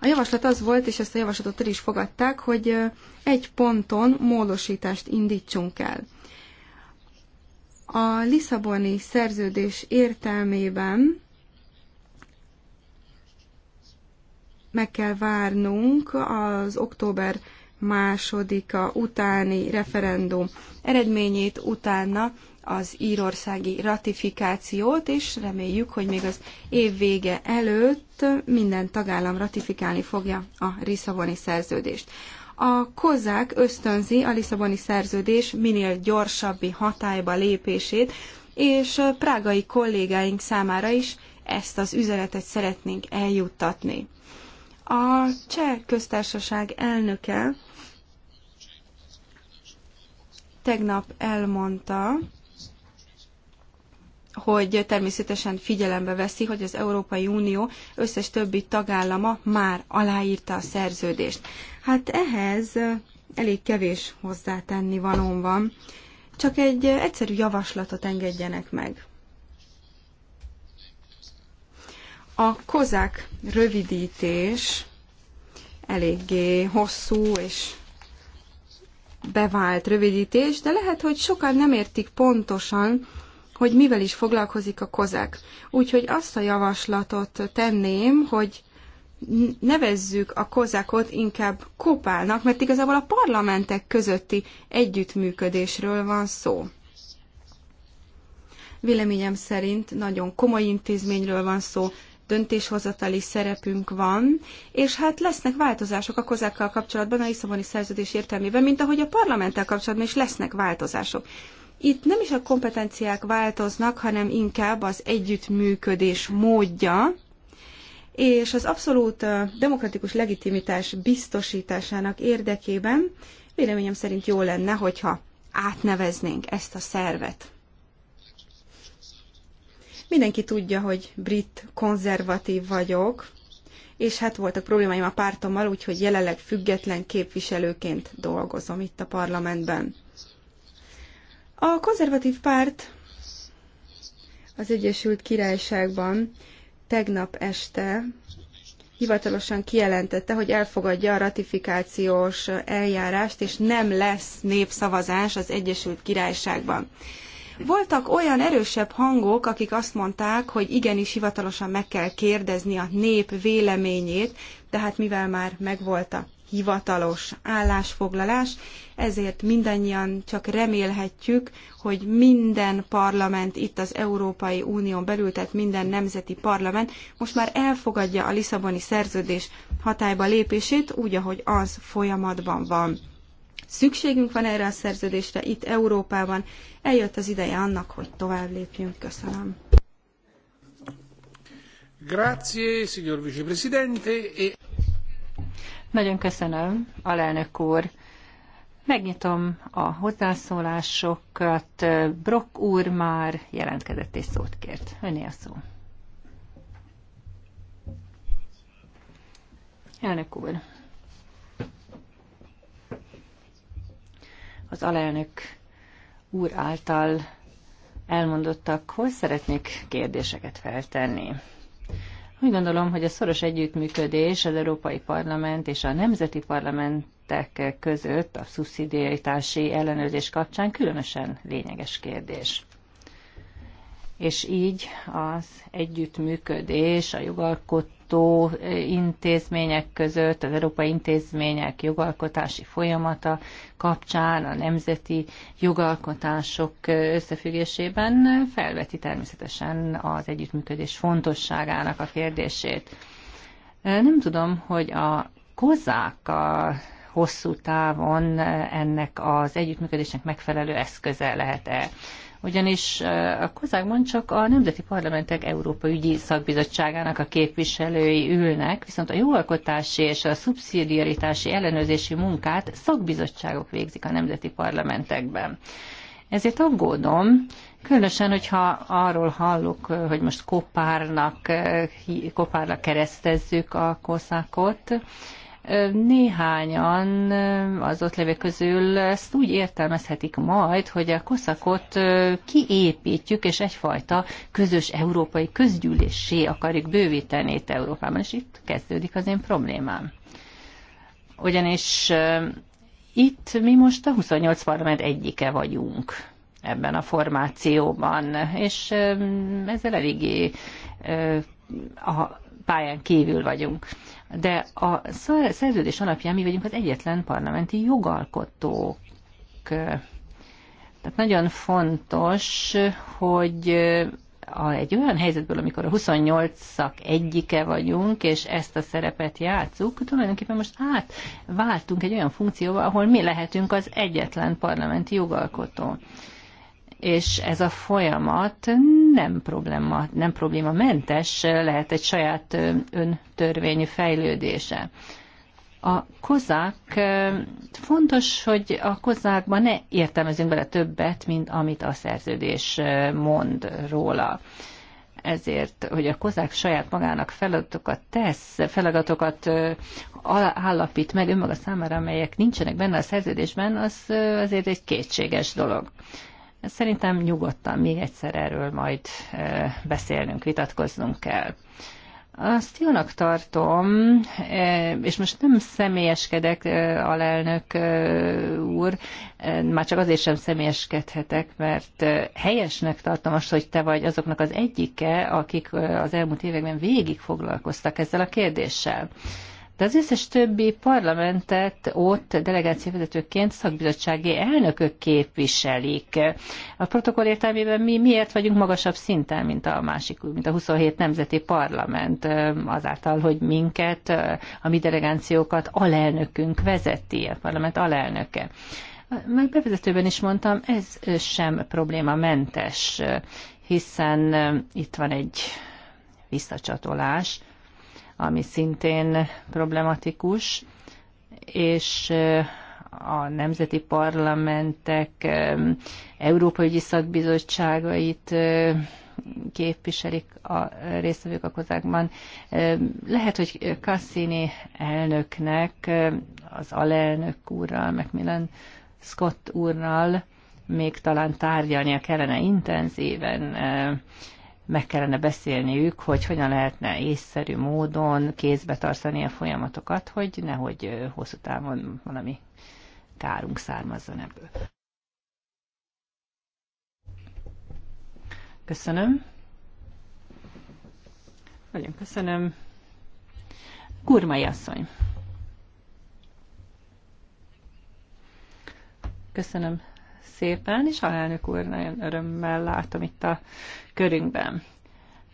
A javaslat az volt, és ezt a javaslatot is fogadták, hogy egy ponton módosítást indítsunk el. A Lisszaboni szerződés értelmében meg kell várnunk az október másodika utáni referendum eredményét, utána az írországi ratifikációt, és reméljük, hogy még az év vége előtt minden tagállam ratifikálni fogja a Lisszaboni szerződést. A kozák ösztönzi a Lisszaboni szerződés minél gyorsabbi hatályba lépését, és prágai kollégáink számára is ezt az üzenetet szeretnénk eljuttatni. A cseh köztársaság elnöke tegnap elmondta, hogy természetesen figyelembe veszi, hogy az Európai Unió összes többi tagállama már aláírta a szerződést. Hát ehhez elég kevés hozzátenni valón van. Csak egy egyszerű javaslatot engedjenek meg. A kozák rövidítés eléggé hosszú és bevált rövidítés, de lehet, hogy sokan nem értik pontosan, hogy mivel is foglalkozik a kozák. Úgyhogy azt a javaslatot tenném, hogy nevezzük a kozákot inkább kopálnak, mert igazából a parlamentek közötti együttműködésről van szó. Véleményem szerint nagyon komoly intézményről van szó, döntéshozatali szerepünk van, és hát lesznek változások a kozákkal kapcsolatban a Lisszaboni szerződés értelmében, mint ahogy a parlamenttel kapcsolatban is lesznek változások. Itt nem is a kompetenciák változnak, hanem inkább az együttműködés módja, és az abszolút demokratikus legitimitás biztosításának érdekében véleményem szerint jó lenne, hogyha átneveznénk ezt a szervet. Mindenki tudja, hogy brit konzervatív vagyok, és hát voltak problémáim a pártommal, úgyhogy jelenleg független képviselőként dolgozom itt a parlamentben. A konzervatív párt az Egyesült Királyságban tegnap este hivatalosan kijelentette, hogy elfogadja a ratifikációs eljárást, és nem lesz népszavazás az Egyesült Királyságban. Voltak olyan erősebb hangok, akik azt mondták, hogy igenis hivatalosan meg kell kérdezni a nép véleményét, tehát mivel már megvolt a hivatalos állásfoglalás, ezért mindannyian csak remélhetjük, hogy minden parlament itt az Európai Unión belül, tehát minden nemzeti parlament most már elfogadja a Lisszaboni szerződés hatályba lépését, úgy, ahogy az folyamatban van. Szükségünk van erre a szerződésre itt Európában. Eljött az ideje annak, hogy tovább lépjünk. Köszönöm. Grazie, signor vicepresidente. E... Nagyon köszönöm, alelnök úr. Megnyitom a hozzászólásokat. Brock úr már jelentkezett és szót kért. Öné a szó. Elnök úr. Az alelnök úr által elmondottakhoz szeretnék kérdéseket feltenni. Úgy gondolom, hogy a szoros együttműködés az Európai Parlament és a nemzeti parlamentek között a szubszidiaritási ellenőrzés kapcsán különösen lényeges kérdés és így az együttműködés a jogalkot alkotó intézmények között, az európai intézmények jogalkotási folyamata kapcsán, a nemzeti jogalkotások összefüggésében felveti természetesen az együttműködés fontosságának a kérdését. Nem tudom, hogy a kozák a hosszú távon ennek az együttműködésnek megfelelő eszköze lehet-e ugyanis a kozákban csak a Nemzeti Parlamentek Európa Ügyi Szakbizottságának a képviselői ülnek, viszont a jogalkotási és a szubszidiaritási ellenőrzési munkát szakbizottságok végzik a nemzeti parlamentekben. Ezért aggódom, különösen, hogyha arról hallok, hogy most kopárnak, kopárnak keresztezzük a koszákot, Néhányan az ott levő közül ezt úgy értelmezhetik majd, hogy a koszakot kiépítjük, és egyfajta közös európai közgyűlésé akarjuk bővíteni itt Európában, és itt kezdődik az én problémám. Ugyanis itt mi most a 28 parlament egyike vagyunk ebben a formációban, és ezzel eléggé a pályán kívül vagyunk. De a szerződés alapján mi vagyunk az egyetlen parlamenti jogalkotók. Tehát nagyon fontos, hogy a, egy olyan helyzetből, amikor a 28-szak egyike vagyunk, és ezt a szerepet játszuk, tulajdonképpen most átváltunk egy olyan funkcióba, ahol mi lehetünk az egyetlen parlamenti jogalkotó és ez a folyamat nem, probléma, nem problémamentes, lehet egy saját öntörvényű fejlődése. A kozák, fontos, hogy a kozákban ne értelmezünk bele többet, mint amit a szerződés mond róla. Ezért, hogy a kozák saját magának feladatokat tesz, feladatokat állapít meg önmaga számára, amelyek nincsenek benne a szerződésben, az azért egy kétséges dolog. Szerintem nyugodtan még egyszer erről majd beszélnünk, vitatkoznunk kell. Azt jónak tartom, és most nem személyeskedek, alelnök úr, már csak azért sem személyeskedhetek, mert helyesnek tartom azt, hogy te vagy azoknak az egyike, akik az elmúlt években végig foglalkoztak ezzel a kérdéssel. De az összes többi parlamentet ott delegációvezetőként szakbizottsági elnökök képviselik. A protokoll értelmében mi miért vagyunk magasabb szinten, mint a másik, mint a 27 nemzeti parlament, azáltal, hogy minket, a mi delegációkat alelnökünk vezeti, a parlament alelnöke. Meg bevezetőben is mondtam, ez sem problémamentes, hiszen itt van egy visszacsatolás, ami szintén problematikus, és eh, a nemzeti parlamentek eh, Európai Ügyi Szakbizottságait eh, képviselik a résztvevők a kozákban. Lehet, hogy Cassini elnöknek, az alelnök úrral, Macmillan Scott úrral még talán tárgyalnia kellene intenzíven meg kellene beszélniük, hogy hogyan lehetne észszerű módon kézbe tartani a folyamatokat, hogy nehogy hosszú távon valami kárunk származzon ebből. Köszönöm. Nagyon köszönöm. Kurmai asszony. Köszönöm szépen, és alelnök úr, nagyon örömmel látom itt a körünkben.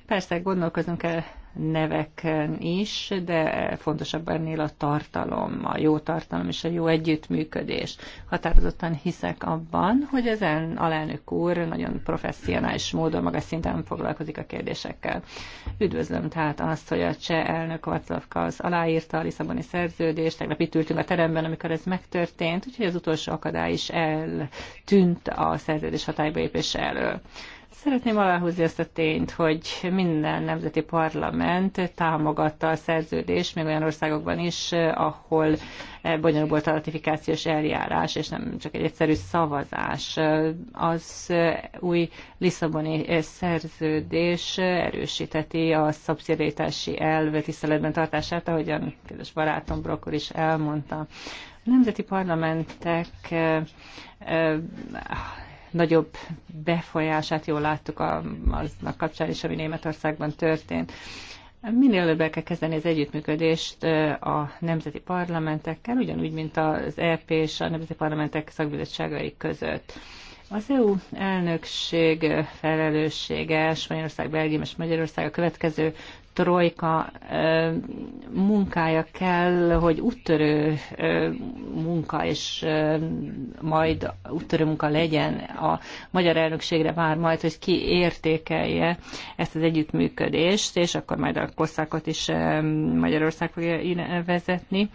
Persze gondolkozunk el neveken is, de fontosabb ennél a tartalom, a jó tartalom és a jó együttműködés. Határozottan hiszek abban, hogy ezen alelnök úr nagyon professzionális módon, magas szinten foglalkozik a kérdésekkel. Üdvözlöm tehát azt, hogy a cseh elnök Vaclavka az aláírta a Lisszaboni szerződést, tegnap itt ültünk a teremben, amikor ez megtörtént, úgyhogy az utolsó akadály is eltűnt a szerződés hatályba lépése elől. Szeretném aláhúzni azt a tényt, hogy minden nemzeti parlament támogatta a szerződést, még olyan országokban is, ahol bonyolult volt a ratifikációs eljárás, és nem csak egy egyszerű szavazás. Az új Lisszaboni szerződés erősíteti a szabszidiaritási elv tiszteletben tartását, ahogyan kedves barátom Brokkor is elmondta. A nemzeti parlamentek eh, nagyobb befolyását jól láttuk a, aznak kapcsán is, ami Németországban történt. Minél előbb el kell kezdeni az együttműködést a nemzeti parlamentekkel, ugyanúgy, mint az EP és a nemzeti parlamentek szakbizottságai között. Az EU elnökség felelőssége Spanyolország, Belgium és Magyarország a következő trojka munkája kell, hogy úttörő munka, és majd úttörő munka legyen a magyar elnökségre vár majd, hogy ki értékelje ezt az együttműködést, és akkor majd a kosszákot is Magyarország fogja vezetni.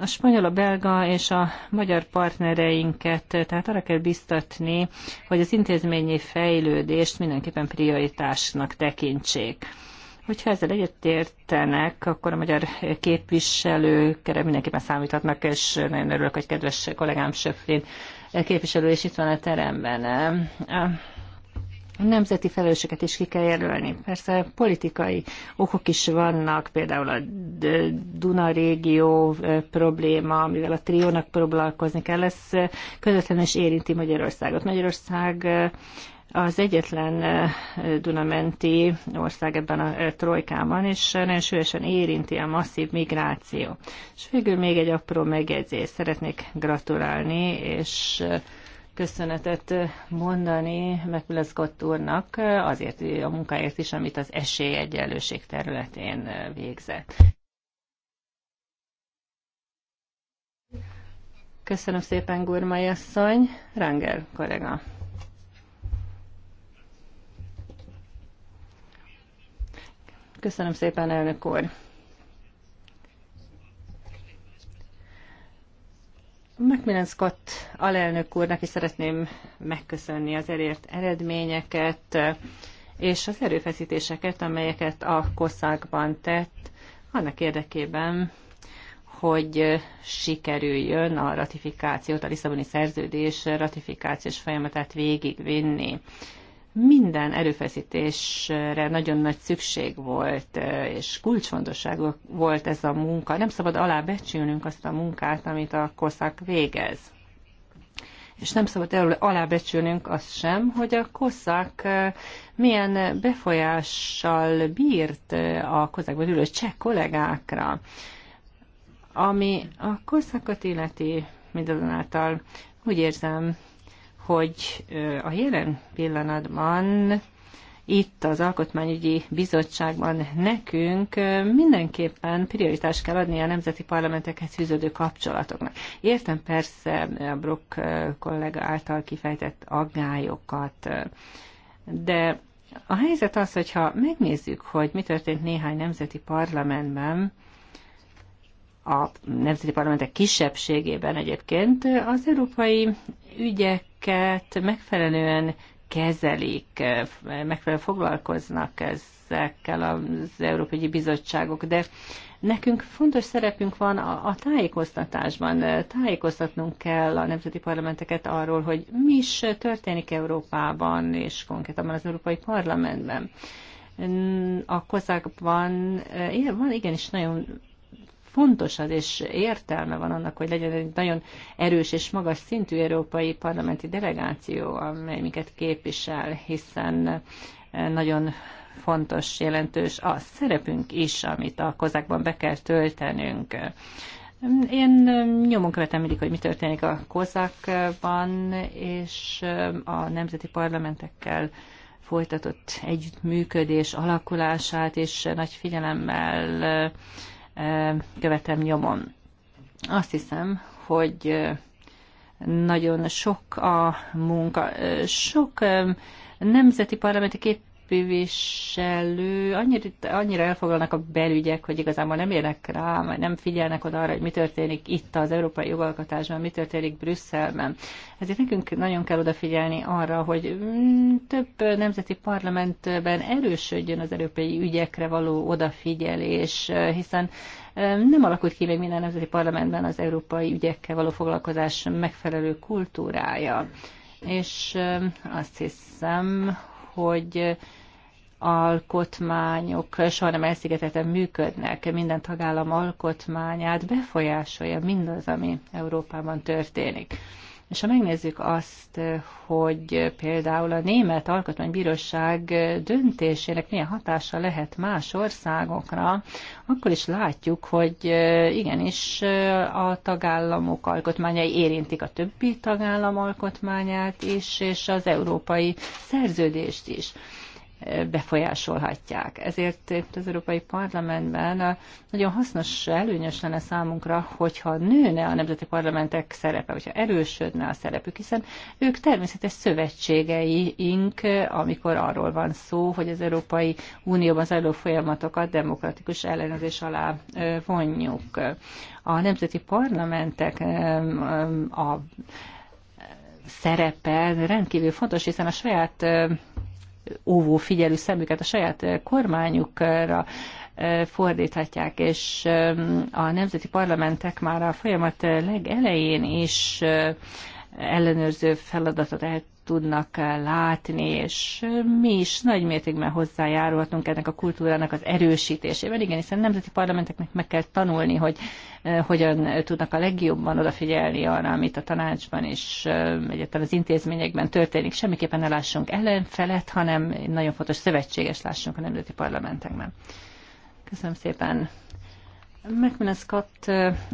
A spanyol, a belga és a magyar partnereinket, tehát arra kell biztatni, hogy az intézményi fejlődést mindenképpen prioritásnak tekintsék Hogyha ezzel egyetértenek, akkor a magyar képviselők erre mindenképpen számíthatnak, és nagyon örülök, hogy kedves kollégám Söflin képviselő is itt van a teremben. A nemzeti felelősséget is ki kell jelölni. Persze politikai okok is vannak, például a Duna régió probléma, amivel a triónak próbálkozni kell, ez közvetlenül is érinti Magyarországot. Magyarország az egyetlen Dunamenti ország ebben a trojkában, és nagyon súlyosan érinti a masszív migráció. És végül még egy apró megjegyzés. Szeretnék gratulálni, és köszönetet mondani Macmillan Scott úrnak azért a munkáért is, amit az esélyegyenlőség területén végzett. Köszönöm szépen, Gurmai asszony. Rangel kollega. Köszönöm szépen, elnök úr. Macmillan Scott alelnök úrnak is szeretném megköszönni az elért eredményeket és az erőfeszítéseket, amelyeket a koszákban tett, annak érdekében, hogy sikerüljön a ratifikációt, a Lisszaboni szerződés ratifikációs folyamatát végigvinni minden erőfeszítésre nagyon nagy szükség volt, és kulcsfontosságú volt ez a munka. Nem szabad alábecsülnünk azt a munkát, amit a koszák végez. És nem szabad alábecsülnünk azt sem, hogy a koszák milyen befolyással bírt a kozákban ülő cseh kollégákra. Ami a koszákat illeti mindazonáltal úgy érzem, hogy a jelen pillanatban itt az Alkotmányügyi Bizottságban nekünk mindenképpen prioritást kell adni a nemzeti parlamentekhez fűződő kapcsolatoknak. Értem persze a Brock kollega által kifejtett aggályokat, de a helyzet az, hogyha megnézzük, hogy mi történt néhány nemzeti parlamentben, a nemzeti parlamentek kisebbségében egyébként az európai ügyek őket megfelelően kezelik, eh, megfelelően foglalkoznak ezekkel az Európai Bizottságok, de nekünk fontos szerepünk van a, a tájékoztatásban. Tájékoztatnunk kell a nemzeti parlamenteket arról, hogy mi is történik Európában, és konkrétan az Európai Parlamentben. A kozákban eh, van igenis nagyon fontos az, és értelme van annak, hogy legyen egy nagyon erős és magas szintű európai parlamenti delegáció, amely minket képvisel, hiszen eh, nagyon fontos, jelentős a szerepünk is, amit a kozákban be kell töltenünk. Én eh, nyomon követem mindig, hogy mi történik a kozákban, és eh, a nemzeti parlamentekkel folytatott együttműködés alakulását, és nagy figyelemmel követem nyomon. Azt hiszem, hogy nagyon sok a munka, sok nemzeti parlamenti kép képviselő, annyira, annyira elfoglalnak a belügyek, hogy igazából nem érnek rá, vagy nem figyelnek oda arra, hogy mi történik itt az európai jogalkotásban, mi történik Brüsszelben. Ezért nekünk nagyon kell odafigyelni arra, hogy mm, több nemzeti parlamentben erősödjön az európai ügyekre való odafigyelés, hiszen mm, nem alakult ki még minden nemzeti parlamentben az európai ügyekkel való foglalkozás megfelelő kultúrája. És mm, azt hiszem, hogy alkotmányok soha nem elszigetelten működnek. Minden tagállam alkotmányát befolyásolja mindaz, ami Európában történik. És ha megnézzük azt, hogy például a Német Alkotmánybíróság döntésének milyen hatása lehet más országokra, akkor is látjuk, hogy igenis a tagállamok alkotmányai érintik a többi tagállam alkotmányát is, és az európai szerződést is befolyásolhatják. Ezért itt az Európai Parlamentben nagyon hasznos, előnyös lenne számunkra, hogyha nőne a nemzeti parlamentek szerepe, hogyha erősödne a szerepük, hiszen ők természetes szövetségeink, amikor arról van szó, hogy az Európai Unióban zajló folyamatokat demokratikus ellenőrzés alá vonjuk. A nemzeti parlamentek a szerepe rendkívül fontos, hiszen a saját óvó figyelő szemüket a saját eh, kormányukra eh, fordíthatják, és eh, a nemzeti parlamentek már a folyamat legelején is ellenőrző feladatot el tudnak látni, és mi is nagy mértékben hozzájárulhatunk ennek a kultúrának az erősítésében. Igen, hiszen nemzeti parlamenteknek meg kell tanulni, hogy eh, hogyan tudnak a legjobban odafigyelni arra, amit a tanácsban és eh, egyáltalán az intézményekben történik. Semmiképpen ne lássunk ellenfelet, hanem nagyon fontos szövetséges lássunk a nemzeti parlamentekben. Köszönöm szépen! McMillan Scott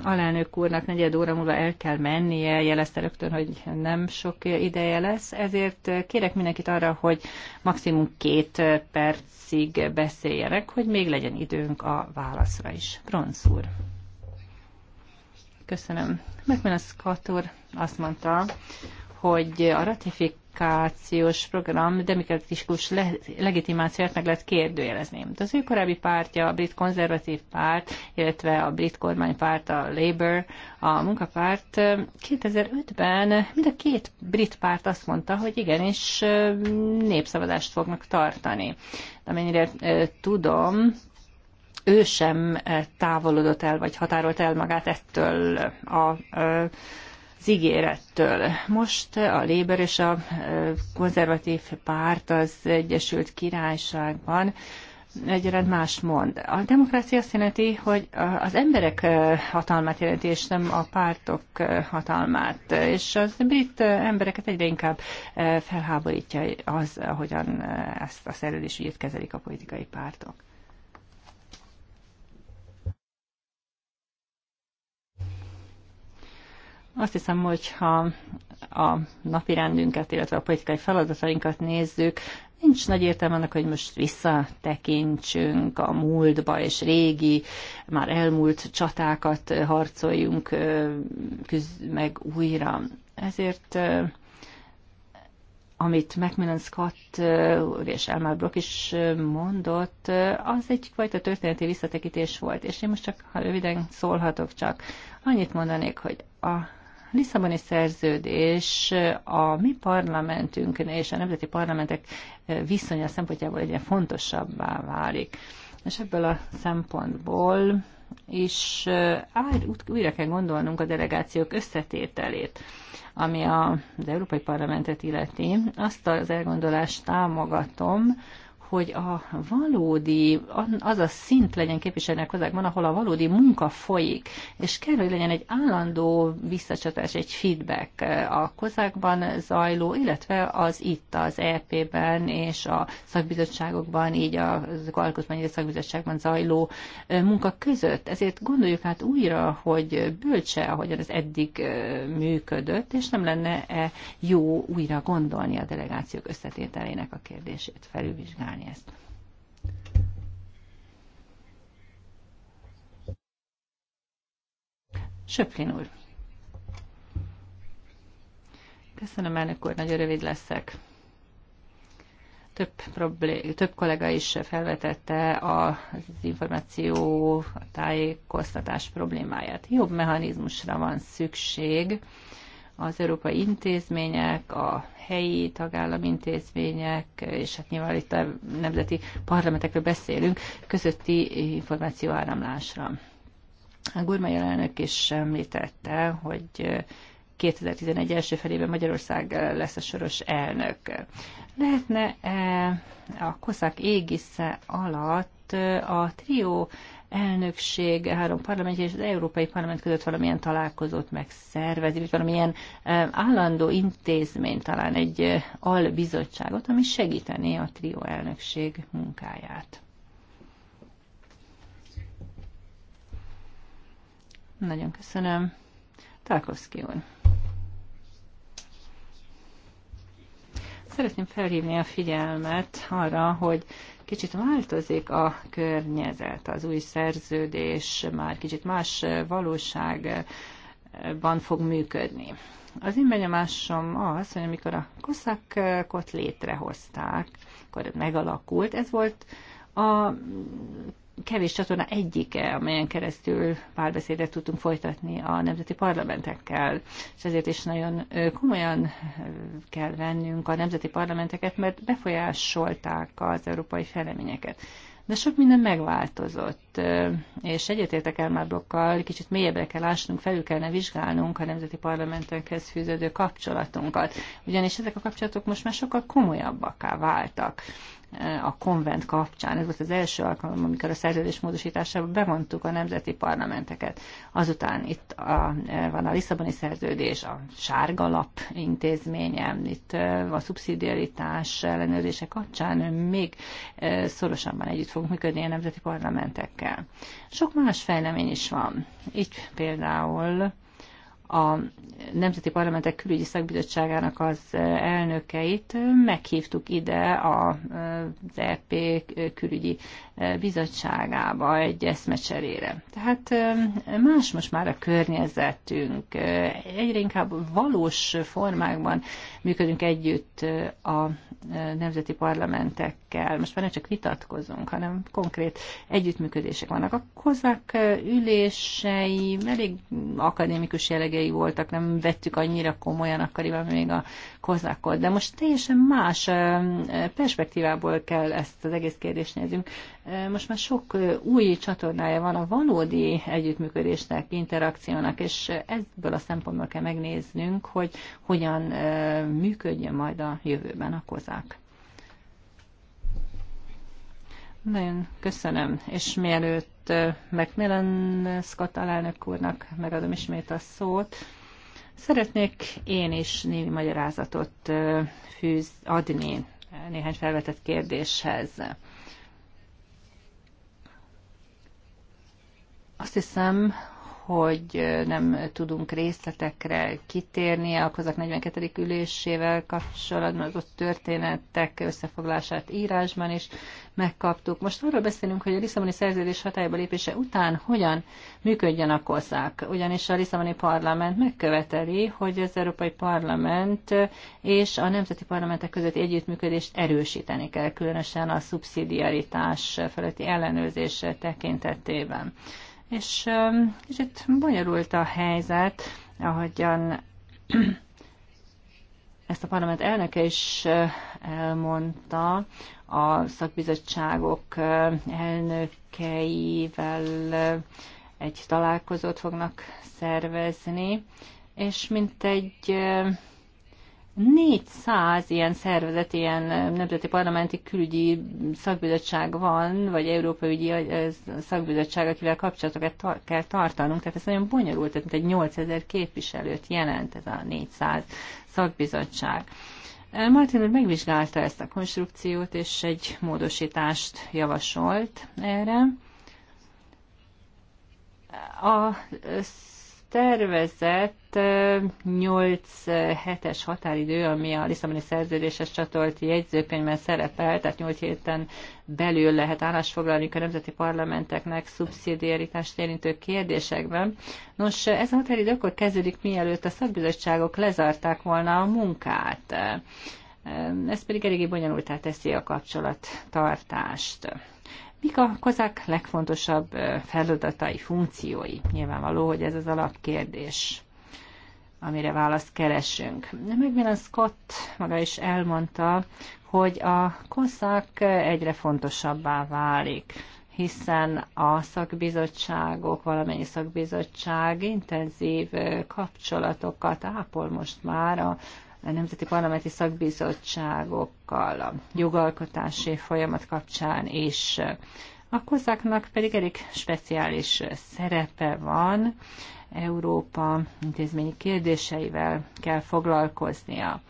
alelnök úrnak negyed óra múlva el kell mennie, jelezte rögtön, hogy nem sok ideje lesz, ezért kérek mindenkit arra, hogy maximum két percig beszéljenek, hogy még legyen időnk a válaszra is. Bronz úr. Köszönöm. McMillan Scott úr azt mondta, hogy a ratifik kommunikációs program demokratikus le- legitimációját meg lehet kérdőjelezni. De az ő korábbi pártja, a brit konzervatív párt, illetve a brit kormánypárt, a Labour, a munkapárt 2005-ben mind a két brit párt azt mondta, hogy igenis népszavazást fognak tartani. De amennyire tudom, ő sem távolodott el, vagy határolt el magát ettől a, a az ígérettől. Most a Léber és a konzervatív párt az Egyesült Királyságban egyaránt más mond. A demokrácia azt jelenti, hogy az emberek hatalmát jelenti, és nem a pártok hatalmát. És az brit embereket egyre inkább felháborítja az, ahogyan ezt a szerződésügyet kezelik a politikai pártok. Azt hiszem, hogyha a napi rendünket, illetve a politikai feladatainkat nézzük, nincs nagy értelme annak, hogy most visszatekintsünk a múltba, és régi, már elmúlt csatákat harcoljunk küzd meg újra. Ezért amit Macmillan Scott és Elmar Brock is mondott, az egyfajta történeti visszatekintés volt, és én most csak ha röviden szólhatok csak, annyit mondanék, hogy a Lisszaboni szerződés a mi parlamentünk és a nemzeti parlamentek viszonya szempontjából egyre fontosabbá válik. És ebből a szempontból és újra kell gondolnunk a delegációk összetételét, ami az Európai Parlamentet illeti. Azt az elgondolást támogatom, hogy a valódi, az a szint legyen képviselni a kozákban, ahol a valódi munka folyik, és kell, hogy legyen egy állandó visszacsatás, egy feedback a kozákban zajló, illetve az itt, az EP-ben és a szakbizottságokban, így az alkotmányi szakbizottságban zajló munka között. Ezért gondoljuk hát újra, hogy bölcse, ahogyan ez eddig működött, és nem lenne -e jó újra gondolni a delegációk összetételének a kérdését felülvizsgálni csinálni ezt. Söplin úr. Köszönöm, elnök úr, nagyon rövid leszek. Több, problé- több kollega is felvetette az információ, tájékoztatás problémáját. Jobb mechanizmusra van szükség az európai intézmények, a helyi tagállami intézmények, és hát nyilván itt a nemzeti parlamentekről beszélünk, közötti információ áramlásra. A Gurmai elnök is említette, hogy 2011 első felében Magyarország lesz a soros elnök. Lehetne -e a koszák égisze alatt a trió elnökség, három parlament és az Európai Parlament között valamilyen találkozót megszervezi, vagy valamilyen állandó intézmény, talán egy albizottságot, ami segítené a trió elnökség munkáját. Nagyon köszönöm. Tarkovszki úr. Szeretném felhívni a figyelmet arra, hogy kicsit változik a környezet, az új szerződés már kicsit más valóságban fog működni. Az én benyomásom az, hogy amikor a koszakot létrehozták, akkor megalakult, ez volt a kevés csatorna egyike, amelyen keresztül párbeszédet tudtunk folytatni a nemzeti parlamentekkel, és ezért is nagyon komolyan kell vennünk a nemzeti parlamenteket, mert befolyásolták az európai fejleményeket. De sok minden megváltozott, és egyetértek már Blokkal, kicsit mélyebbre kell ásnunk, felül kellene vizsgálnunk a nemzeti parlamentekhez fűződő kapcsolatunkat, ugyanis ezek a kapcsolatok most már sokkal komolyabbaká váltak a konvent kapcsán. Ez volt az első alkalom, amikor a szerződés módosításába bevontuk a nemzeti parlamenteket. Azután itt a, van a Lisszaboni szerződés, a sárgalap intézménye, itt a szubszidiaritás ellenőrzése kapcsán még szorosabban együtt fogunk működni a nemzeti parlamentekkel. Sok más fejlemény is van. Így például a Nemzeti Parlamentek Külügyi Szakbizottságának az elnökeit meghívtuk ide az EP külügyi bizottságába egy eszmecserére. Tehát más most már a környezetünk, egyre inkább valós formákban működünk együtt a nemzeti parlamentekkel. Most már nem csak vitatkozunk, hanem konkrét együttműködések vannak. A kozák eh, ülései elég akadémikus jellegei voltak, nem vettük annyira komolyan akkoriban még a kozákot, de most teljesen más perspektívából kell ezt az egész kérdést nézünk. Most már sok új csatornája van a valódi együttműködésnek, interakciónak, és ebből a szempontból kell megnéznünk, hogy hogyan működjön majd a jövőben a kozák. Nagyon köszönöm, és mielőtt Macmillan Scott alelnök úrnak megadom ismét a szót, szeretnék én is némi magyarázatot fűz adni néhány felvetett kérdéshez. Azt hiszem, hogy nem tudunk részletekre kitérni a Kozak 42. ülésével kapcsolatban, az ott történetek összefoglását írásban is megkaptuk. Most arról beszélünk, hogy a Lisszaboni szerződés hatályba lépése után hogyan működjön a kozák. Ugyanis a Lisszaboni parlament megköveteli, hogy az Európai Parlament és a nemzeti parlamentek közötti együttműködést erősíteni kell, különösen a szubszidiaritás feletti ellenőrzés tekintetében és kicsit bonyolult a helyzet, ahogyan ezt a parlament elnöke is elmondta, a szakbizottságok elnökeivel egy találkozót fognak szervezni, és mint egy 400 ilyen szervezet, ilyen nemzeti parlamenti külügyi szakbizottság van, vagy európai ügyi szakbizottság, akivel kapcsolatokat tar- kell tartanunk, tehát ez nagyon bonyolult, tehát mint egy 8000 képviselőt jelent ez a 400 szakbizottság. Martin úr megvizsgálta ezt a konstrukciót, és egy módosítást javasolt erre. A tervezett 8 hetes határidő, ami a Lisszaboni szerződéses csatolt jegyzőkönyvben szerepel, tehát 8 héten belül lehet állásfoglalni a nemzeti parlamenteknek szubszidiaritást érintő kérdésekben. Nos, ez a határidő akkor kezdődik, mielőtt a szakbizottságok lezárták volna a munkát. Ez pedig eléggé bonyolultá teszi a kapcsolattartást. Mik a kozák legfontosabb feladatai, funkciói? Nyilvánvaló, hogy ez az alapkérdés amire választ keresünk. Megmilyen Scott maga is elmondta, hogy a kozák egyre fontosabbá válik, hiszen a szakbizottságok, valamennyi szakbizottság intenzív kapcsolatokat ápol most már a nemzeti parlamenti szakbizottságokkal a jogalkotási folyamat kapcsán és A kozáknak pedig elég speciális szerepe van, Európa intézményi kérdéseivel kell foglalkoznia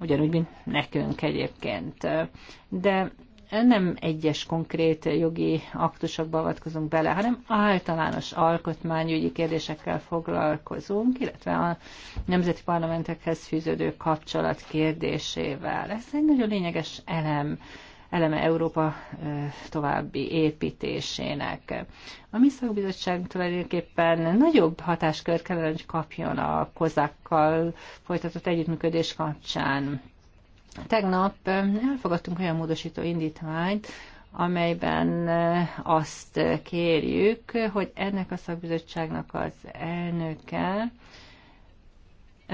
ugyanúgy, mint nekünk egyébként. De nem egyes konkrét jogi aktusokba avatkozunk bele, hanem általános alkotmányügyi kérdésekkel foglalkozunk, illetve a nemzeti parlamentekhez fűződő kapcsolat kérdésével. Ez egy nagyon lényeges elem eleme Európa további építésének. A mi szakbizottság tulajdonképpen nagyobb hatáskört kellene, hogy kapjon a kozákkal folytatott együttműködés kapcsán. Tegnap elfogadtunk olyan módosító indítványt, amelyben azt kérjük, hogy ennek a szakbizottságnak az elnöke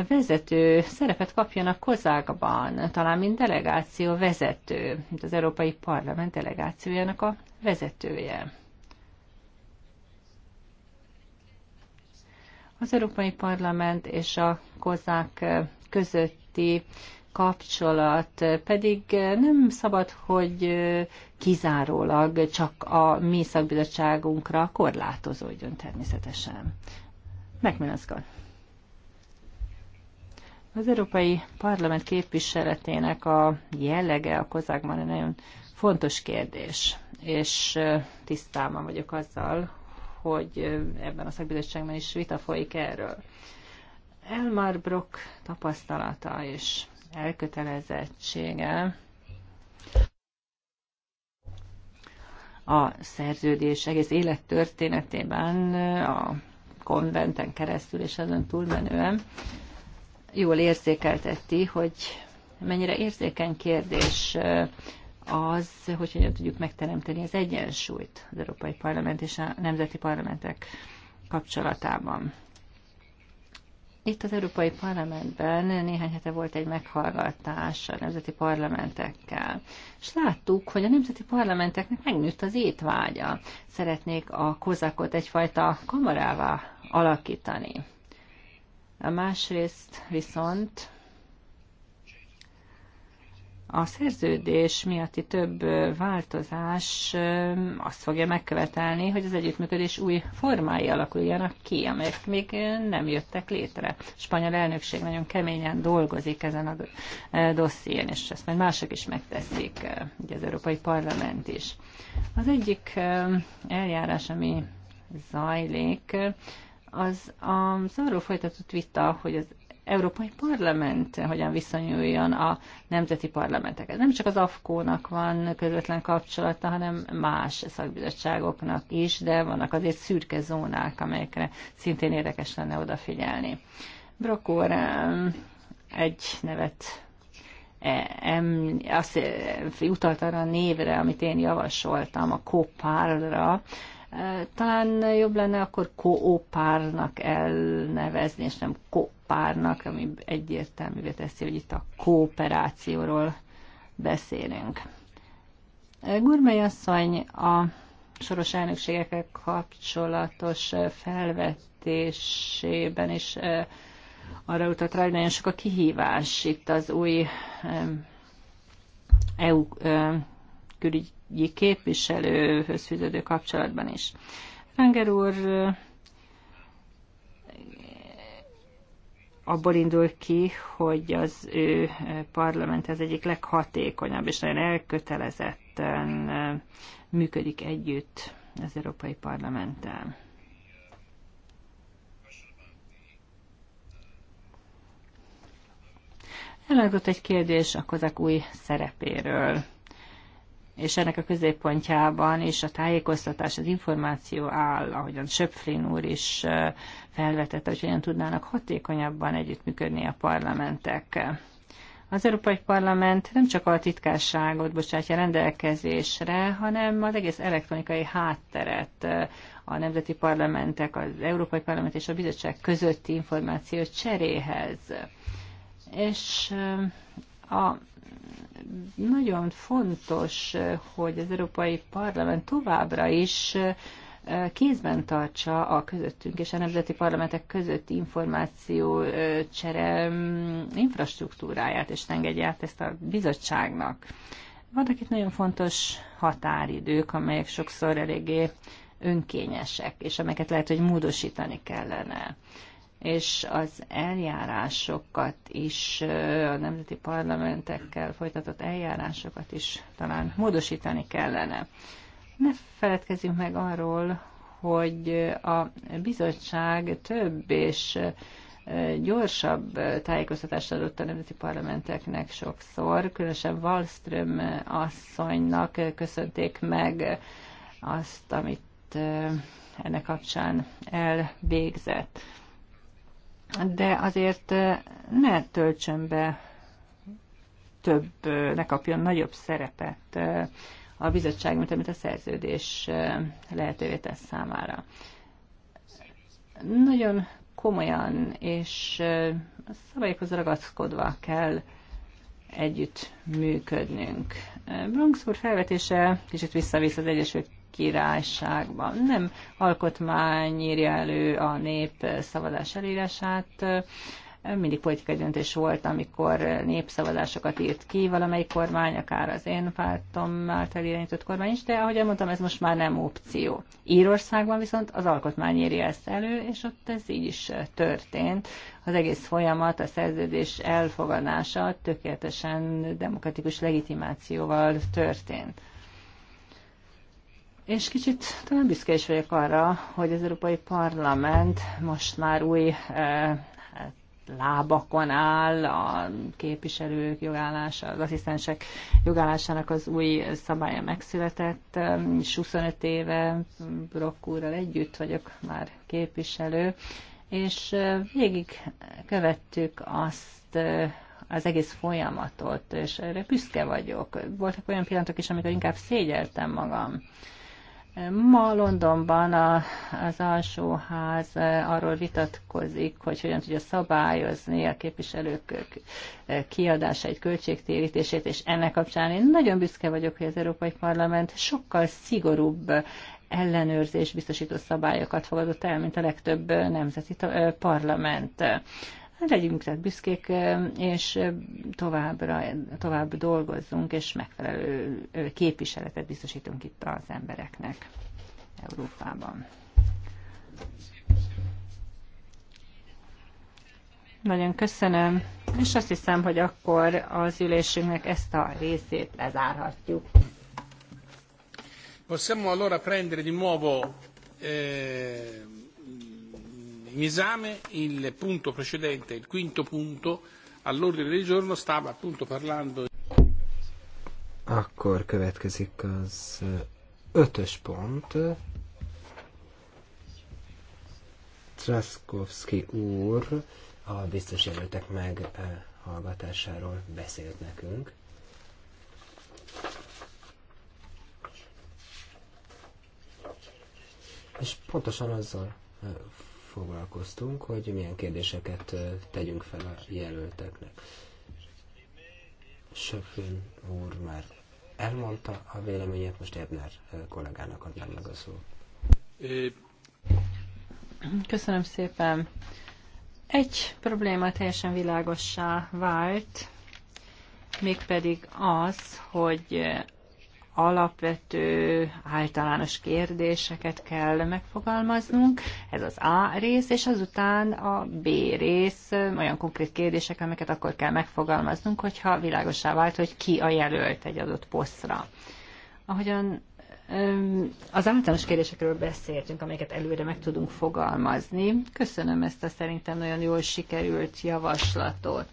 vezető szerepet kapjon a kozákban, talán mint delegáció vezető, mint az Európai Parlament delegációjának a vezetője. Az Európai Parlament és a kozák közötti kapcsolat pedig nem szabad, hogy kizárólag csak a mi szakbizottságunkra korlátozódjon természetesen. Megmilanszka. Az Európai Parlament képviseletének a jellege a kozákban egy nagyon fontos kérdés, és tisztában vagyok azzal, hogy ebben a szakbizottságban is vita folyik erről. Elmar Brock tapasztalata és elkötelezettsége a szerződés egész élet történetében, a konventen keresztül és azon túlmenően jól érzékelteti, hogy mennyire érzékeny kérdés az, hogy hogyan tudjuk megteremteni az egyensúlyt az Európai Parlament és a nemzeti parlamentek kapcsolatában. Itt az Európai Parlamentben néhány hete volt egy meghallgatás a nemzeti parlamentekkel, és láttuk, hogy a nemzeti parlamenteknek megnőtt az étvágya. Szeretnék a kozakot egyfajta kamarává alakítani. A másrészt viszont a szerződés miatti több változás azt fogja megkövetelni, hogy az együttműködés új formái alakuljanak ki, amelyek még nem jöttek létre. A spanyol elnökség nagyon keményen dolgozik ezen a dosszién, és ezt majd mások is megteszik, ugye az Európai Parlament is. Az egyik eljárás, ami zajlik, az, az arról folytatott vita, hogy az Európai Parlament hogyan viszonyuljon a nemzeti parlamentekhez. Nem csak az AFKÓ-nak van közvetlen kapcsolata, hanem más szakbizottságoknak is, de vannak azért szürke zónák, amelyekre szintén érdekes lenne odafigyelni. Brokor egy nevet e, em, azt e, utalt arra a névre, amit én javasoltam, a Kopárra, talán jobb lenne akkor koopárnak elnevezni, és nem kópárnak, ami egyértelművé teszi, hogy itt a kooperációról beszélünk. Gurmai asszony a soros elnökségekkel kapcsolatos felvetésében is arra utalt rá, hogy nagyon sok a kihívás itt az új EU külügyi képviselőhöz fűződő kapcsolatban is. Ranger úr abból indul ki, hogy az ő parlament az egyik leghatékonyabb és nagyon elkötelezetten működik együtt az Európai Parlamenttel. Elhangzott egy kérdés a kozak új szerepéről és ennek a középpontjában is a tájékoztatás, az információ áll, ahogyan Söpflin úr is felvetette, hogy hogyan tudnának hatékonyabban együttműködni a parlamentek. Az Európai Parlament nem csak a titkárságot bocsátja rendelkezésre, hanem az egész elektronikai hátteret, a nemzeti parlamentek, az Európai Parlament és a bizottság közötti információ cseréhez. És a nagyon fontos, hogy az Európai Parlament továbbra is kézben tartsa a közöttünk és a nemzeti parlamentek közötti információ csere infrastruktúráját, és engedje át ezt a bizottságnak. Vannak itt nagyon fontos határidők, amelyek sokszor eléggé önkényesek, és amelyeket lehet, hogy módosítani kellene és az eljárásokat is, a nemzeti parlamentekkel folytatott eljárásokat is talán módosítani kellene. Ne feledkezzünk meg arról, hogy a bizottság több és gyorsabb tájékoztatást adott a nemzeti parlamenteknek sokszor, különösen Wallström asszonynak köszönték meg azt, amit ennek kapcsán elvégzett de azért ne töltsön be több, ne kapjon nagyobb szerepet a bizottság, mint amit a szerződés lehetővé tesz számára. Nagyon komolyan és a szabályokhoz ragaszkodva kell együtt működnünk. Bronx úr felvetése kicsit visszavisz az Egyesült királyságban. Nem alkotmány írja elő a nép szavazás elírását, mindig politikai döntés volt, amikor népszavazásokat írt ki valamelyik kormány, akár az én pártom által irányított kormány is, de ahogy elmondtam, ez most már nem opció. Írországban viszont az alkotmány írja ezt elő, és ott ez így is történt. Az egész folyamat, a szerződés elfogadása tökéletesen demokratikus legitimációval történt. És kicsit talán büszke is vagyok arra, hogy az Európai Parlament most már új eh, lábakon áll, a képviselők jogállása, az asszisztensek jogállásának az új szabálya megszületett, és 25 éve Brock úrral együtt vagyok már képviselő, és eh, végig követtük azt, eh, az egész folyamatot, és erre büszke vagyok. Voltak olyan pillanatok is, amikor inkább szégyeltem magam Ma Londonban a, az alsóház eh, arról vitatkozik, hogy hogyan tudja szabályozni a képviselők eh, kiadásait, költségtérítését, és ennek kapcsán én nagyon büszke vagyok, hogy az Európai Parlament sokkal szigorúbb ellenőrzés biztosító szabályokat fogadott el, mint a legtöbb nemzeti eh, parlament. Hát legyünk tehát büszkék, és továbbra, tovább dolgozzunk, és megfelelő képviseletet biztosítunk itt az embereknek Európában. Nagyon köszönöm, és azt hiszem, hogy akkor az ülésünknek ezt a részét lezárhatjuk. Possiamo allora prendere di nuovo eh, In esame il punto precedente, il quinto punto, all'ordine del giorno stava appunto parlando. Akkor következik az eh, ötös pont. Traskowski úr a biztos jelöltek meg hallgatásáról beszélt nekünk. És pontosan azzal eh, foglalkoztunk, hogy milyen kérdéseket tegyünk fel a jelölteknek. Söflin úr már elmondta a véleményét, most Ebner kollégának adnám meg a szó. Köszönöm szépen. Egy probléma teljesen világossá vált, mégpedig az, hogy alapvető, általános kérdéseket kell megfogalmaznunk. Ez az A rész, és azután a B rész, olyan konkrét kérdések, amiket akkor kell megfogalmaznunk, hogyha világosá vált, hogy ki a jelölt egy adott posztra. Ahogyan az általános kérdésekről beszéltünk, amelyeket előre meg tudunk fogalmazni. Köszönöm ezt a szerintem nagyon jól sikerült javaslatot.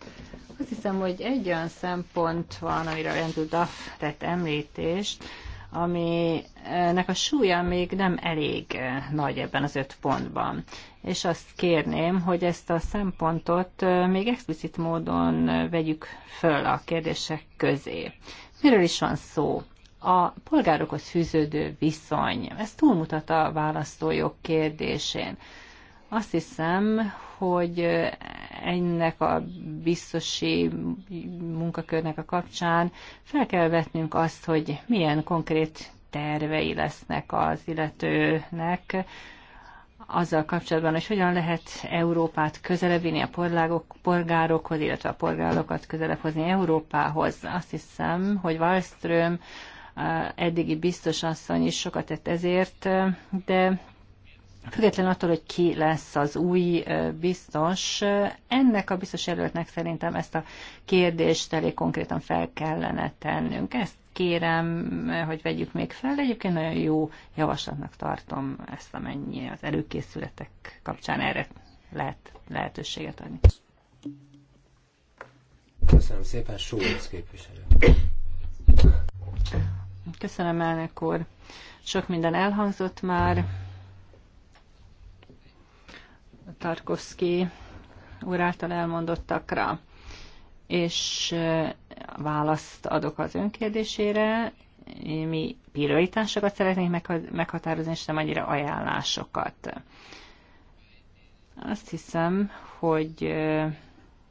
Azt hiszem, hogy egy olyan szempont van, amire Rendú Duff tett említést, aminek a súlya még nem elég nagy ebben az öt pontban. És azt kérném, hogy ezt a szempontot még explicit módon vegyük föl a kérdések közé. Miről is van szó? a polgárokhoz fűződő viszony. Ez túlmutat a választójog kérdésén. Azt hiszem, hogy ennek a biztosi munkakörnek a kapcsán fel kell vetnünk azt, hogy milyen konkrét tervei lesznek az illetőnek, azzal kapcsolatban, hogy hogyan lehet Európát közelebb vinni a polgárok, polgárokhoz, illetve a polgárokat közelebb hozni Európához. Azt hiszem, hogy Wallström eddigi biztos asszony is sokat tett ezért, de Független attól, hogy ki lesz az új biztos, ennek a biztos jelöltnek szerintem ezt a kérdést elég konkrétan fel kellene tennünk. Ezt kérem, hogy vegyük még fel. Egyébként nagyon jó javaslatnak tartom ezt, amennyi az előkészületek kapcsán erre lehet lehetőséget adni. Köszönöm szépen, Sóvic képviselő. Köszönöm, elnök úr. Sok minden elhangzott már. Tarkovszki úr által elmondottakra, és választ adok az önkérdésére. Mi prioritásokat szeretnénk meghatározni, és nem annyira ajánlásokat. Azt hiszem, hogy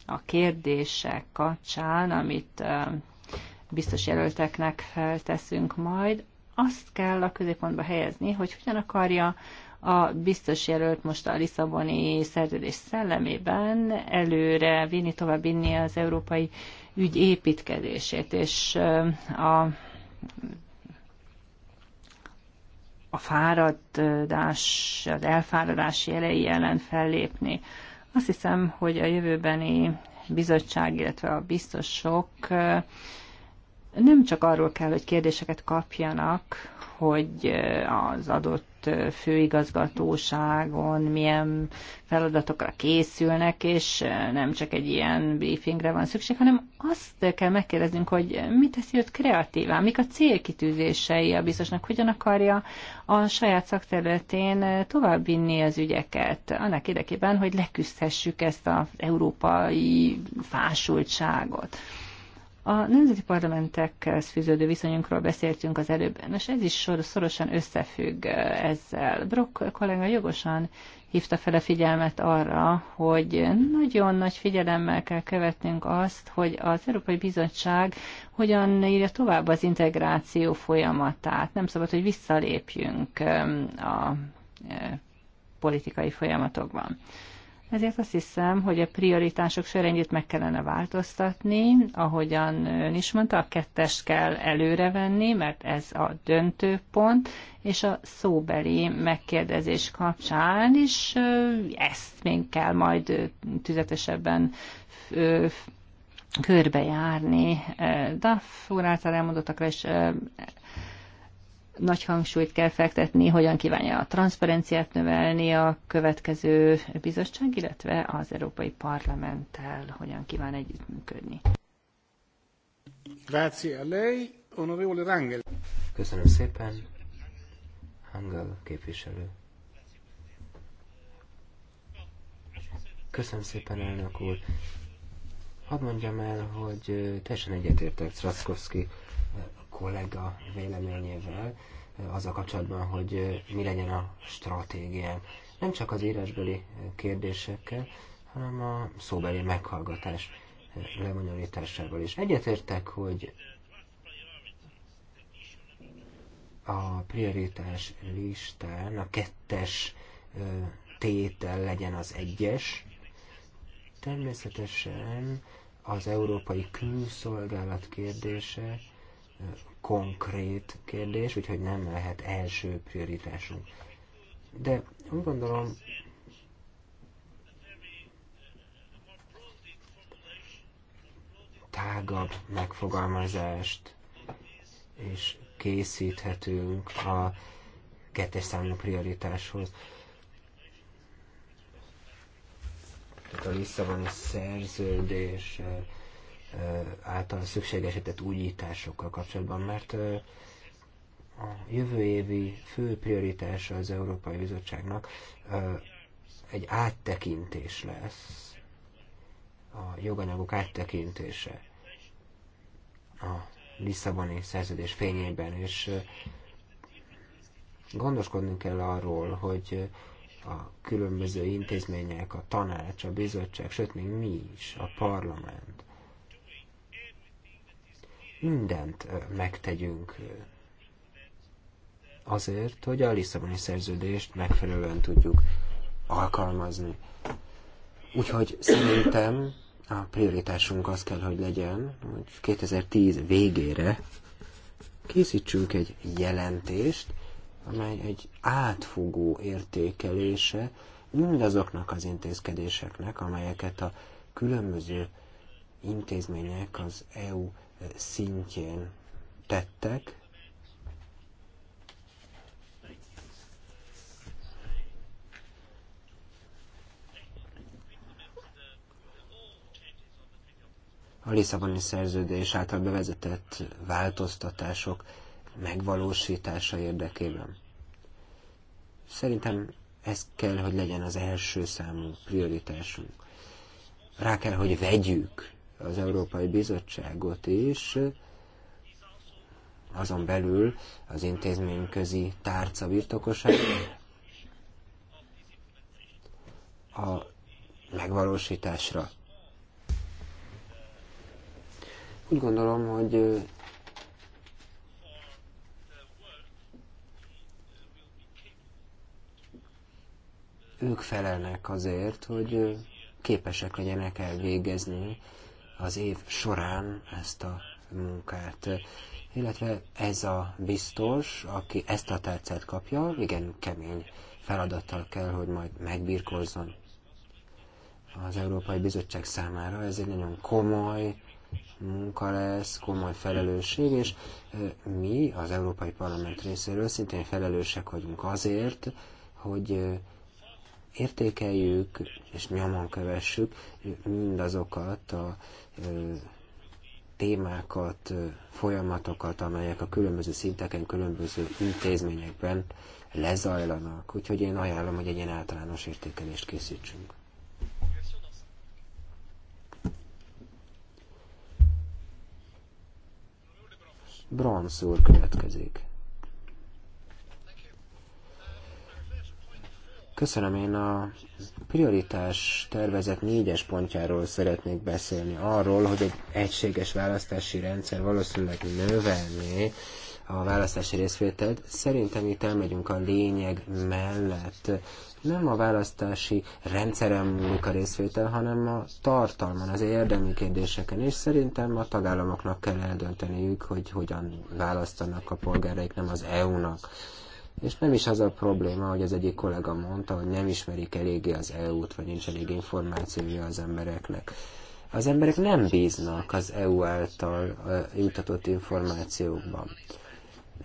a kérdések kapcsán, amit biztos jelölteknek teszünk majd. Azt kell a középpontba helyezni, hogy hogyan akarja a biztos jelölt most a Lisszaboni szerződés szellemében előre vinni, tovább vinni az európai ügy építkezését, és a, a fáradás, az elfáradás jelei ellen fellépni. Azt hiszem, hogy a jövőbeni bizottság, illetve a biztosok nem csak arról kell, hogy kérdéseket kapjanak, hogy az adott főigazgatóságon milyen feladatokra készülnek, és nem csak egy ilyen briefingre van szükség, hanem azt kell megkérdeznünk, hogy mit teszi őt kreatívá, mik a célkitűzései a biztosnak, hogyan akarja a saját szakterületén továbbvinni az ügyeket, annak érdekében, hogy leküzdhessük ezt az európai fásultságot. A nemzeti parlamentekhez fűződő viszonyunkról beszéltünk az előbb, és ez is szorosan összefügg ezzel. Brock kollega jogosan hívta fel a figyelmet arra, hogy nagyon nagy figyelemmel kell követnünk azt, hogy az Európai Bizottság hogyan írja tovább az integráció folyamatát. Nem szabad, hogy visszalépjünk a politikai folyamatokban. Ezért azt hiszem, hogy a prioritások sorrendjét meg kellene változtatni, ahogyan ön is mondta, a kettest kell előrevenni, mert ez a döntő pont, és a szóbeli megkérdezés kapcsán is ezt még kell majd tüzetesebben körbejárni. De a által elmondottakra is nagy hangsúlyt kell fektetni, hogyan kívánja a transzparenciát növelni a következő bizottság, illetve az Európai Parlamenttel hogyan kíván együttműködni. Köszönöm szépen, angel képviselő. Köszönöm szépen, elnök úr. Hadd mondjam el, hogy teljesen egyetértek Traszkowski kollega véleményével eh, a kapcsolatban, hogy eh, mi legyen a stratégián. Nem csak az írásbeli eh, kérdésekkel, hanem a szóbeli meghallgatás lebonyolításával is. Egyetértek, hogy a prioritás listán a kettes tétel legyen az egyes. Természetesen az európai külszolgálat kérdése konkrét kérdés, úgyhogy nem lehet első prioritásunk. De úgy gondolom, tágabb megfogalmazást és készíthetünk a kettes számú prioritáshoz. Tehát a Lisszaboni szerződés által szükségesített újításokkal kapcsolatban, mert a jövő évi fő prioritása az Európai Bizottságnak egy áttekintés lesz, a joganyagok áttekintése a Lisszaboni szerződés fényében, és gondoskodnunk kell arról, hogy a különböző intézmények, a tanács, a bizottság, sőt még mi is, a parlament, mindent megtegyünk azért, hogy a Lisszaboni szerződést megfelelően tudjuk alkalmazni. Úgyhogy szerintem a prioritásunk az kell, hogy legyen, hogy 2010 végére készítsünk egy jelentést, amely egy átfogó értékelése mindazoknak az intézkedéseknek, amelyeket a különböző intézmények az EU szintjén tettek, a Lisszaboni szerződés által bevezetett változtatások megvalósítása érdekében. Szerintem ez kell, hogy legyen az első számú prioritásunk. Rá kell, hogy vegyük az Európai Bizottságot is, azon belül az intézményközi tárca birtokosát, a megvalósításra. Úgy gondolom, hogy ők felelnek azért, hogy képesek legyenek elvégezni az év során ezt a munkát, illetve ez a biztos, aki ezt a tercet kapja, igen kemény feladattal kell, hogy majd megbirkózzon az Európai Bizottság számára. Ez egy nagyon komoly munka lesz, komoly felelősség, és mi az Európai Parlament részéről szintén felelősek vagyunk azért, hogy értékeljük és nyomon kövessük mindazokat a témákat, folyamatokat, amelyek a különböző szinteken, különböző intézményekben lezajlanak. Úgyhogy én ajánlom, hogy egy ilyen általános értékelést készítsünk. Bronz úr következik. Köszönöm, én a prioritás tervezet négyes pontjáról szeretnék beszélni, arról, hogy egy egységes választási rendszer valószínűleg növelné a választási részvételt. Szerintem itt elmegyünk a lényeg mellett. Nem a választási rendszerem múlik a részvétel, hanem a tartalman, az érdemi kérdéseken, és szerintem a tagállamoknak kell eldönteniük, hogy hogyan választanak a polgáraik, nem az EU-nak és nem is az a probléma, hogy az egyik kollega mondta, hogy nem ismerik eléggé az EU-t, vagy nincs elég információja az embereknek. Az emberek nem bíznak az EU által jutatott információkban.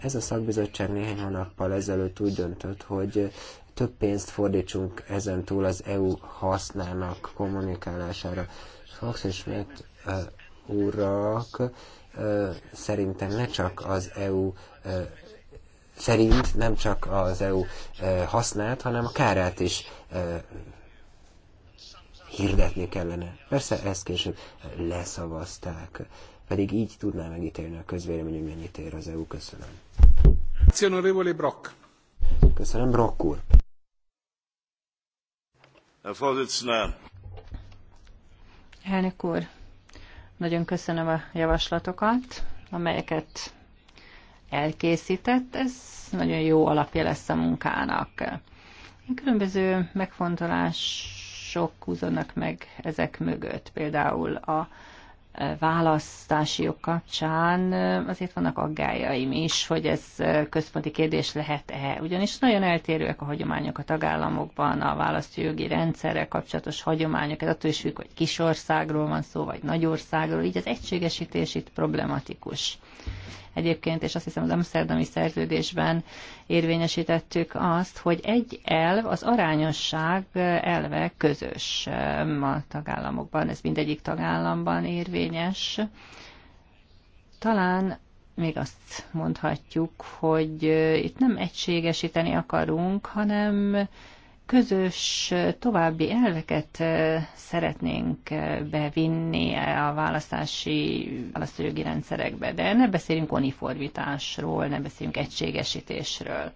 Ez a szakbizottság néhány hónappal ezelőtt úgy döntött, hogy több pénzt fordítsunk ezen túl az EU hasznának kommunikálására. Fox és Schmidt uh, urak uh, szerintem ne csak az EU uh, szerint nem csak az EU e, hasznát, hanem a kárát is e, hirdetni kellene. Persze ezt később leszavazták, pedig így tudná megítélni a közvélemény, hogy mennyit ér az EU. Köszönöm. Brock. Köszönöm, Brock úr. Elnök úr, nagyon köszönöm a javaslatokat, amelyeket elkészített, ez nagyon jó alapja lesz a munkának. Különböző megfontolások húzódnak meg ezek mögött, például a választási jog kapcsán azért vannak aggájaim is, hogy ez központi kérdés lehet-e, ugyanis nagyon eltérőek a hagyományok a tagállamokban, a választójogi rendszerrel kapcsolatos hagyományok, ez attól is függ, hogy kis országról van szó, vagy nagy országról, így az egységesítés itt problematikus egyébként, és azt hiszem az Amsterdami szerződésben érvényesítettük azt, hogy egy elv, az arányosság elve közös um, a tagállamokban, ez mindegyik tagállamban érvényes. Talán még azt mondhatjuk, hogy uh, itt nem egységesíteni akarunk, hanem közös további elveket szeretnénk bevinni a választási választójogi rendszerekbe, de ne beszéljünk uniformitásról, ne beszéljünk egységesítésről.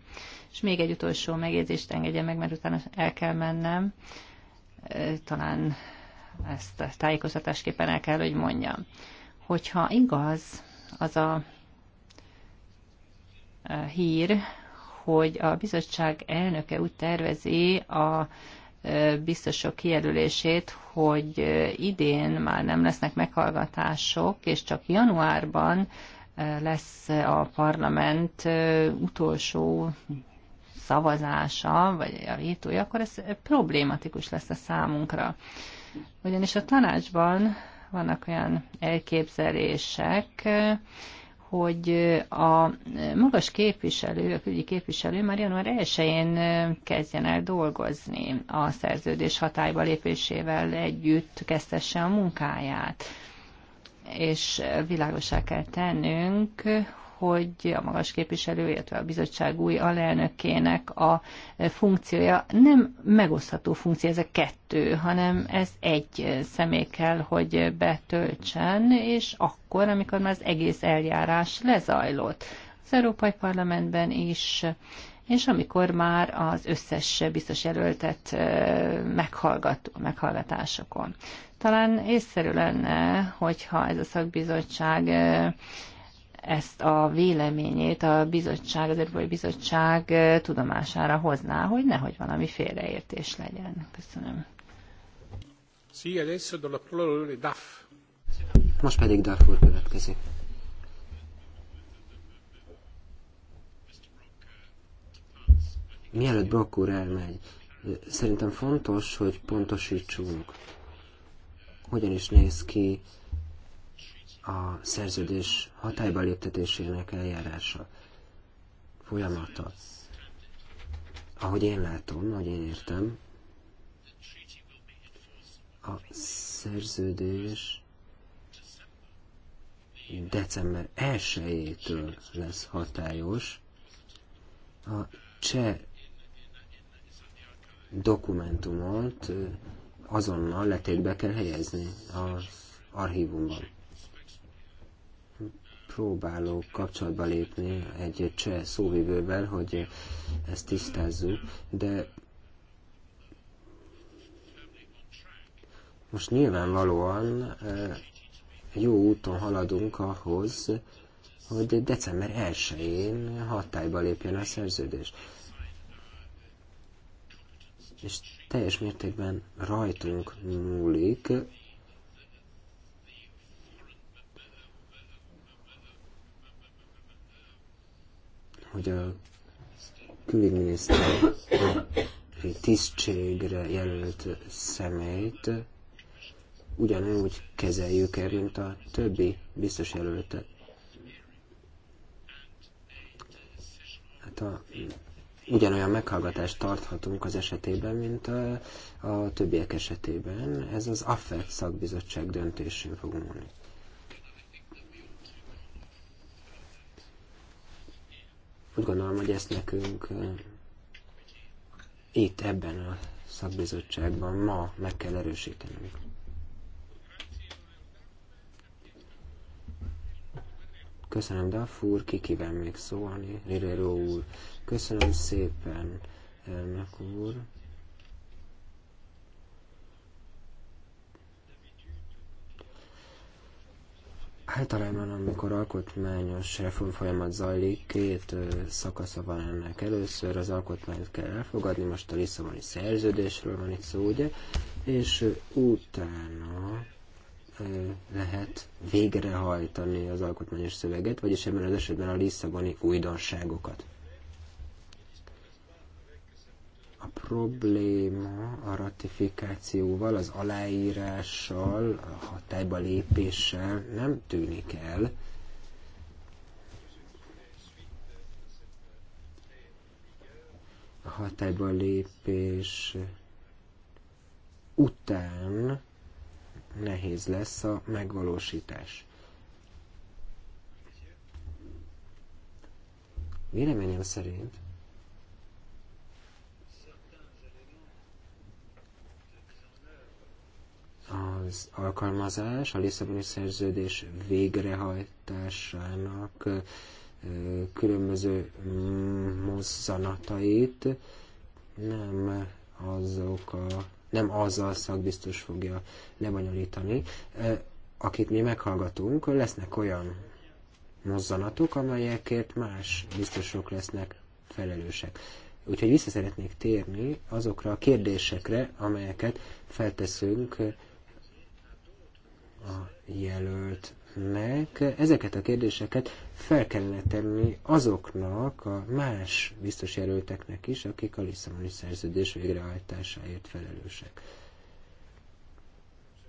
És még egy utolsó megjegyzést engedje meg, mert utána el kell mennem. Talán ezt a tájékoztatásképpen el kell, hogy mondjam. Hogyha igaz az a hír, hogy a bizottság elnöke úgy tervezi a biztosok kijelölését, hogy idén már nem lesznek meghallgatások, és csak januárban lesz a parlament utolsó szavazása, vagy a vétója, akkor ez problématikus lesz a számunkra. Ugyanis a tanácsban vannak olyan elképzelések, hogy a magas képviselő, a külügyi képviselő már január 1-én kezdjen el dolgozni a szerződés hatályba lépésével együtt kezdhesse a munkáját. És világosá kell tennünk, hogy a magas képviselő, illetve a bizottság új alelnökének a funkciója nem megosztható funkció, ez a kettő, hanem ez egy személy kell, hogy betöltsen, és akkor, amikor már az egész eljárás lezajlott az Európai Parlamentben is, és amikor már az összes biztos jelöltet meghallgató, meghallgatásokon. Talán észszerű lenne, hogyha ez a szakbizottság ezt a véleményét a bizottság, az Európai Bizottság tudomására hozná, hogy nehogy valami félreértés legyen. Köszönöm. Most pedig Darfur következik. Mielőtt Brock úr elmegy, szerintem fontos, hogy pontosítsunk, hogyan is néz ki a szerződés hatályba léptetésének eljárása, folyamata. Ahogy én látom, ahogy én értem, a szerződés december 1-től lesz hatályos. A cseh dokumentumot azonnal letétbe kell helyezni az archívumban próbálok kapcsolatba lépni egy cseh szóvivővel, hogy ezt tisztázzuk, de most nyilvánvalóan jó úton haladunk ahhoz, hogy december 1-én hatályba lépjen a szerződés. És teljes mértékben rajtunk múlik, hogy a külügyminiszter tisztségre jelölt személyt ugyanúgy kezeljük el mint a többi biztos jelöltet. Hát a, ugyanolyan meghallgatást tarthatunk az esetében, mint a, a többiek esetében. Ez az AFET szakbizottság döntésén fog múlni. Úgy gondolom, hogy ezt nekünk itt ebben a szakbizottságban ma meg kell erősítenünk. Köszönöm Duff úr, ki kíván még szólni, Rirero úr. Köszönöm szépen, elnök úr. Általában, amikor alkotmányos reformfolyamat zajlik, két szakasza van ennek. Először az alkotmányt kell elfogadni, most a Lisszaboni szerződésről van itt szó, ugye, és utána lehet végrehajtani az alkotmányos szöveget, vagyis ebben az esetben a Lisszaboni újdonságokat. A probléma a ratifikációval, az aláírással, a hatályba lépéssel nem tűnik el. A hatályba lépés után nehéz lesz a megvalósítás. Véleményem szerint az alkalmazás a Lisszaboni szerződés végrehajtásának különböző mm, mozzanatait nem azok a, nem azzal szakbiztos fogja lebonyolítani, akit mi meghallgatunk, lesznek olyan mozzanatok, amelyekért más biztosok lesznek felelősek. Úgyhogy vissza szeretnék térni azokra a kérdésekre, amelyeket felteszünk a jelöltnek. Ezeket a kérdéseket fel kellene tenni azoknak a más biztos jelölteknek is, akik a Lisszaboni szerződés végrehajtásáért felelősek.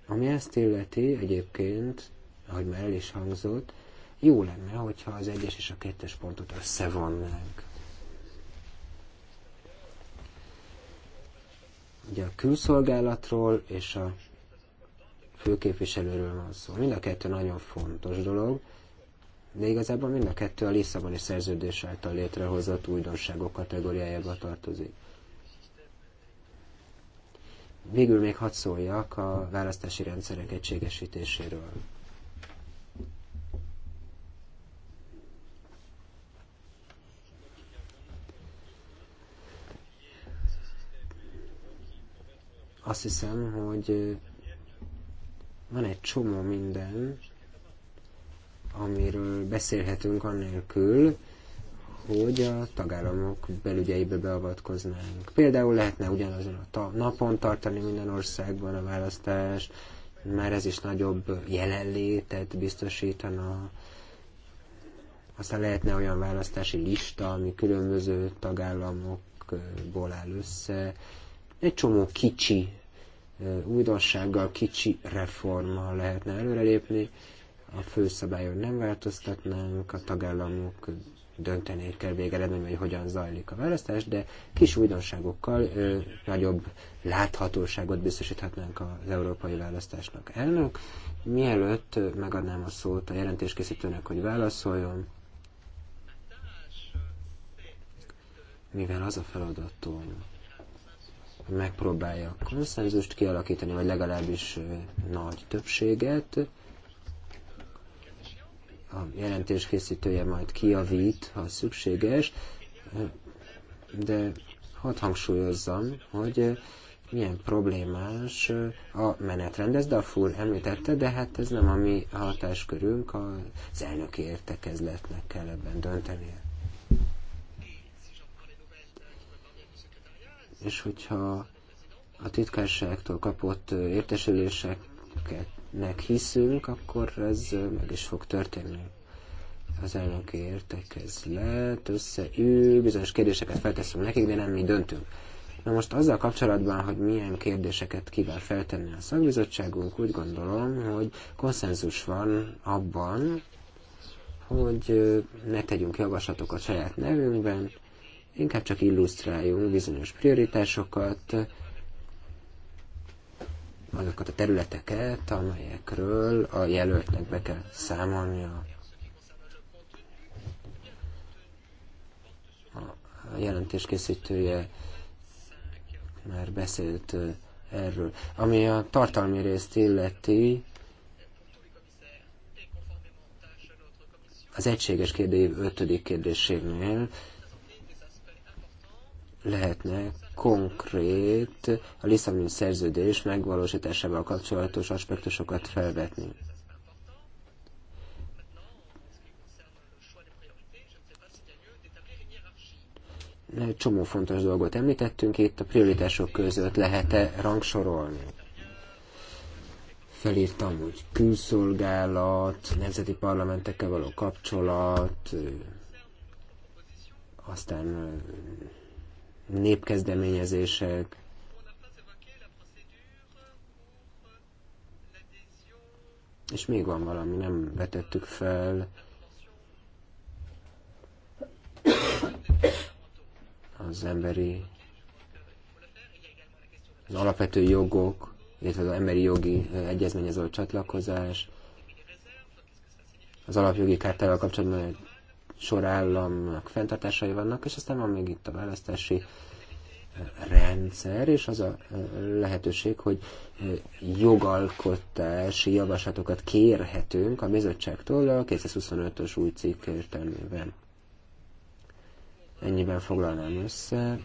Ami ezt illeti egyébként, ahogy már el is hangzott, jó lenne, hogyha az egyes és a kettes pontot összevonnánk. Ugye a külszolgálatról és a főképviselőről van szó. Mind a kettő nagyon fontos dolog, de igazából mind a kettő a Lisszaboni szerződés által létrehozott újdonságok kategóriájába tartozik. Végül még hadd szóljak a választási rendszerek egységesítéséről. Azt hiszem, hogy van egy csomó minden, amiről beszélhetünk annélkül, hogy a tagállamok belügyeibe beavatkoznánk. Például lehetne ugyanazon a napon tartani minden országban a választás, már ez is nagyobb jelenlétet biztosítana. Aztán lehetne olyan választási lista, ami különböző tagállamokból áll össze. Egy csomó kicsi újdonsággal, kicsi reformmal lehetne előrelépni, a főszabályon nem változtatnánk, a tagállamok döntenék kell végeredmény, hogy hogyan zajlik a választás, de kis újdonságokkal ö, nagyobb láthatóságot biztosíthatnánk az európai választásnak. Elnök, mielőtt megadnám a szót a jelentéskészítőnek, hogy válaszoljon, mivel az a feladatom, megpróbálja konszenzust kialakítani, vagy legalábbis nagy többséget. A jelentés készítője majd kiavít, ha szükséges, de hadd hangsúlyozzam, hogy milyen problémás a menetrend. Ez Dafur említette, de hát ez nem a mi hatáskörünk, az elnöki értekezletnek kell ebben döntenie. és hogyha a titkárságtól kapott értesüléseknek hiszünk, akkor ez meg is fog történni. Az elnöki értekezlet, összeül, bizonyos kérdéseket felteszünk nekik, de nem mi döntünk. Na most azzal kapcsolatban, hogy milyen kérdéseket kíván feltenni a szakbizottságunk, úgy gondolom, hogy konszenzus van abban, hogy ne tegyünk javaslatokat saját nevünkben, inkább csak illusztráljunk bizonyos prioritásokat, azokat a területeket, amelyekről a jelöltnek be kell számolnia a jelentés készítője már beszélt erről. Ami a tartalmi részt illeti, az egységes kérdőív ötödik kérdésénél lehetne konkrét a Lisszaboni szerződés megvalósításával kapcsolatos aspektusokat felvetni. Egy csomó fontos dolgot említettünk itt, a prioritások között lehet-e rangsorolni? Felírtam, hogy külszolgálat, nemzeti parlamentekkel való kapcsolat, aztán népkezdeményezések. És még van valami, nem vetettük fel. Az emberi, az alapvető jogok, illetve az emberi jogi egyezményhez csatlakozás, az alapjogi kártával kapcsolatban sorállamnak fenntartásai vannak, és aztán van még itt a választási eh, rendszer, és az a eh, lehetőség, hogy eh, jogalkotási javaslatokat kérhetünk a bizottságtól a 225-ös új cikk értelmében. Ennyiben foglalnám össze.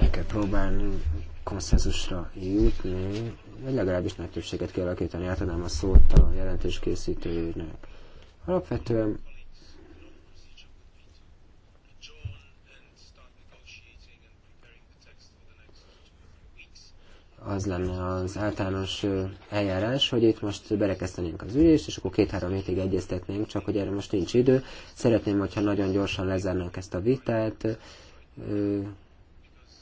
Meg kell próbálni konszenzusra jutni, vagy legalábbis nagy többséget kialakítani. Átadnám a szót a jelentés Alapvetően az lenne az általános eljárás, hogy itt most berekesztenénk az ülést, és akkor két-három hétig egyeztetnénk, csak hogy erre most nincs idő. Szeretném, hogyha nagyon gyorsan lezárnánk ezt a vitát,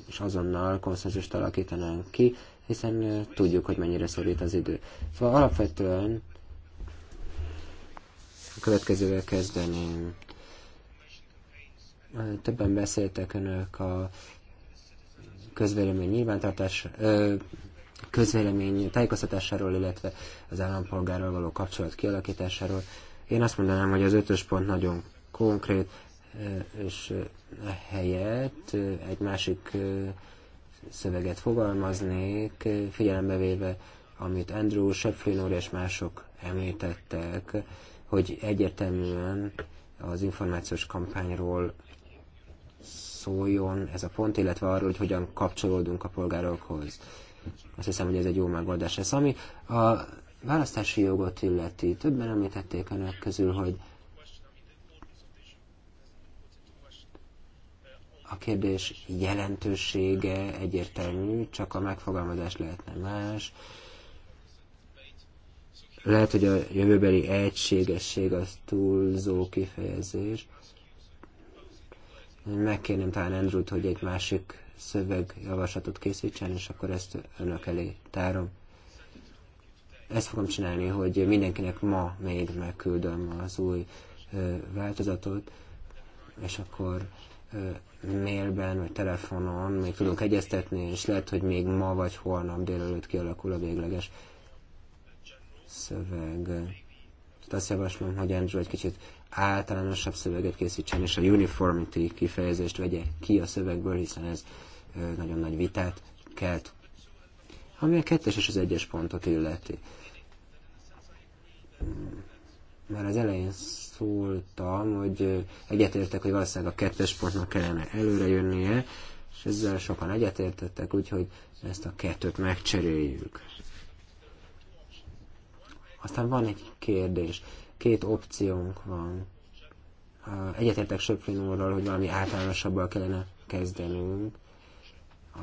és azonnal konszenzust alakítanánk ki, hiszen tudjuk, hogy mennyire szorít az idő. Szóval alapvetően a következővel kezdeném. Többen beszéltek önök a közvélemény nyilvántartás, közvélemény tájékoztatásáról, illetve az állampolgárral való kapcsolat kialakításáról. Én azt mondanám, hogy az ötös pont nagyon konkrét, és helyett egy másik szöveget fogalmaznék, figyelembe véve, amit Andrew Shefflin és mások említettek, hogy egyértelműen az információs kampányról szóljon ez a pont, illetve arról, hogy hogyan kapcsolódunk a polgárokhoz. Azt hiszem, hogy ez egy jó megoldás lesz. Ami a választási jogot illeti, többen említették önök közül, hogy a kérdés jelentősége egyértelmű, csak a megfogalmazás lehetne más. Uh, lehet, hogy a jövőbeli egységesség az túlzó kifejezés. Megkérném talán Andrewt, hogy egy másik szövegjavaslatot készítsen, és akkor ezt önök elé tárom. Ezt fogom csinálni, hogy mindenkinek ma még megküldöm az új ö, változatot, és akkor ö, mailben vagy telefonon még tudunk egyeztetni, és lehet, hogy még ma vagy holnap délelőtt kialakul a végleges szöveg. Tehát azt javaslom, hogy Andrew egy kicsit általánosabb szöveget készítsen, és a uniformity kifejezést vegye ki a szövegből, hiszen ez nagyon nagy vitát kelt. Ami a kettes és az egyes pontot illeti. Már az elején szóltam, hogy egyetértek, hogy valószínűleg a kettes pontnak kellene előre jönnie, és ezzel sokan egyetértettek, úgyhogy ezt a kettőt megcseréljük. Aztán van egy kérdés. Két opciónk van. Egyetértek Söpfin úrral, hogy valami általánosabbal kellene kezdenünk.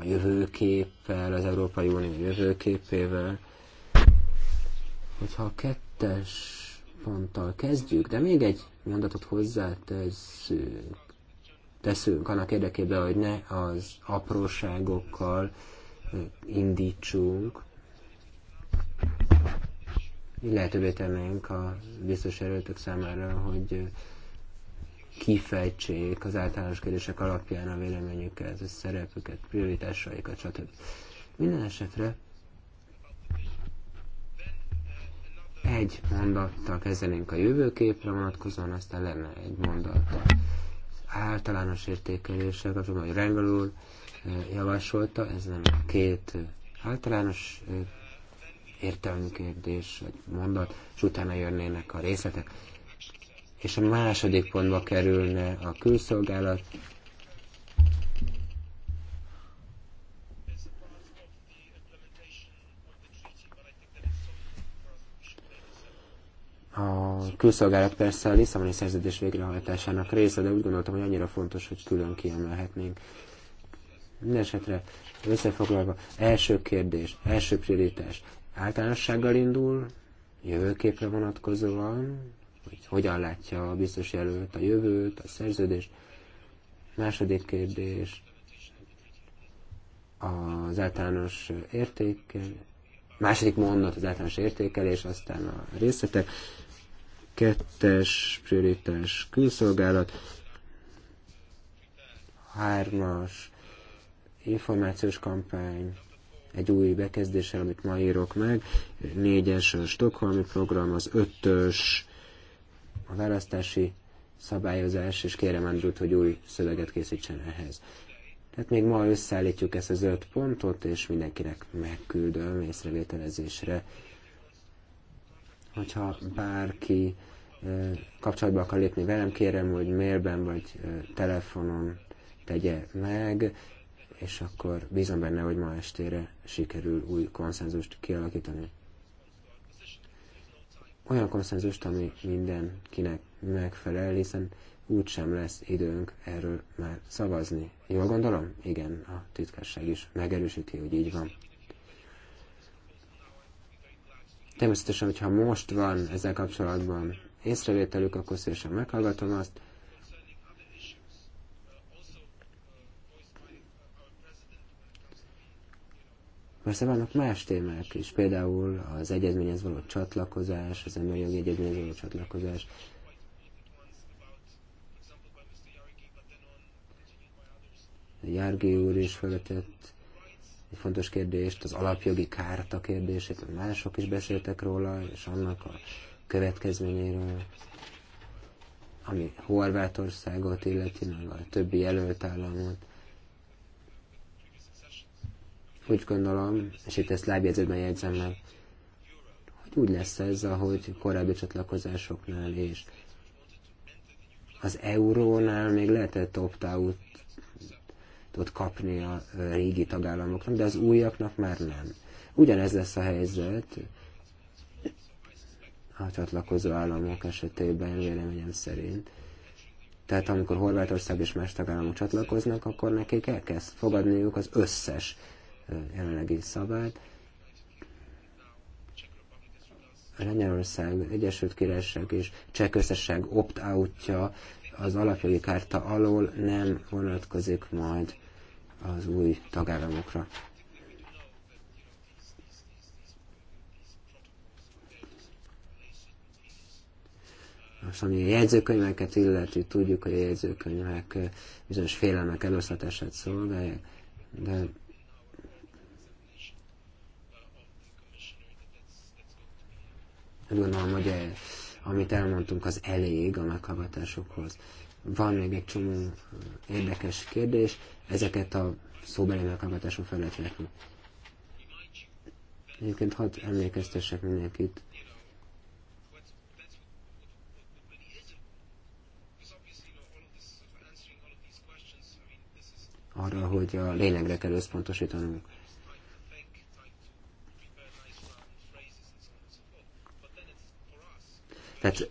A jövőképpel, az Európai Unió jövőképével. Hogyha a kettes ponttal kezdjük, de még egy mondatot hozzáteszünk, teszünk annak érdekében, hogy ne az apróságokkal indítsunk lehetővé tennénk a biztos erőtök számára, hogy kifejtsék az általános kérdések alapján a véleményüket, a szerepüket, prioritásaikat, stb. Minden esetre egy mondattal kezdenénk a jövőképre vonatkozóan, aztán lenne egy mondat. általános értékeléssel kapcsolatban, hogy Rengel úr eh, javasolta, ez nem két eh, általános eh, kérdés, egy mondat, és utána jönnének a részletek. És a második pontba kerülne a külszolgálat, a külszolgálat persze a Lisszaboni szerződés végrehajtásának része, de úgy gondoltam, hogy annyira fontos, hogy külön kiemelhetnénk. Mindenesetre összefoglalva, első kérdés, első prioritás, általánossággal indul, jövőképre vonatkozóan, hogy hogyan látja a biztos jelölt a jövőt, a szerződés. Második kérdés az általános értékel, második mondat az általános értékelés, aztán a részletek, kettes prioritás külszolgálat, hármas információs kampány, egy új bekezdéssel, amit ma írok meg. Négyes a Stockholmi program, az ötös a választási szabályozás, és kérem Andrút, hogy új szöveget készítsen ehhez. Tehát még ma összeállítjuk ezt az öt pontot, és mindenkinek megküldöm észrevételezésre. Hogyha bárki kapcsolatba akar lépni velem, kérem, hogy mailben vagy telefonon tegye meg és akkor bízom benne, hogy ma estére sikerül új konszenzust kialakítani. Olyan konszenzust, ami mindenkinek megfelel, hiszen úgysem lesz időnk erről már szavazni. Jól gondolom? Igen, a titkárság is megerősíti, hogy így van. Természetesen, hogyha most van ezzel kapcsolatban észrevételük, akkor szívesen meghallgatom azt, Persze vannak más témák is, például az egyezményhez való csatlakozás, az emberi jogi egyezményhez való csatlakozás, Járgi úr is felvetett egy fontos kérdést, az alapjogi kárta kérdését, mások is beszéltek róla, és annak a következményéről, ami Horvátországot illeti, meg a többi jelölt államot úgy gondolom, és itt ezt lábjegyzetben jegyzem meg, hogy úgy lesz ez, ahogy korábbi csatlakozásoknál és az eurónál még lehetett opt-out kapni a régi tagállamoknak, de az újaknak már nem. Ugyanez lesz a helyzet a csatlakozó államok esetében, véleményem szerint. Tehát amikor Horvátország és más tagállamok csatlakoznak, akkor nekik el kell fogadniuk az összes jelenlegi szabályt. Lengyelország, Egyesült Királyság és Köztesség opt-outja az alapjogi kárta alól nem vonatkozik majd az új tagállamokra. Most ami a jegyzőkönyveket illeti, tudjuk, hogy a jegyzőkönyvek bizonyos félelmek eloszlatását szolgálják, de Úgy gondolom, hogy el, amit elmondtunk, az elég a meghallgatásokhoz. Van még egy csomó érdekes kérdés, ezeket a szóbeli meghallgatások fel lehet lehetni. Egyébként hadd emlékeztessek mindenkit arra, hogy a lényegre kell összpontosítanunk. Tehát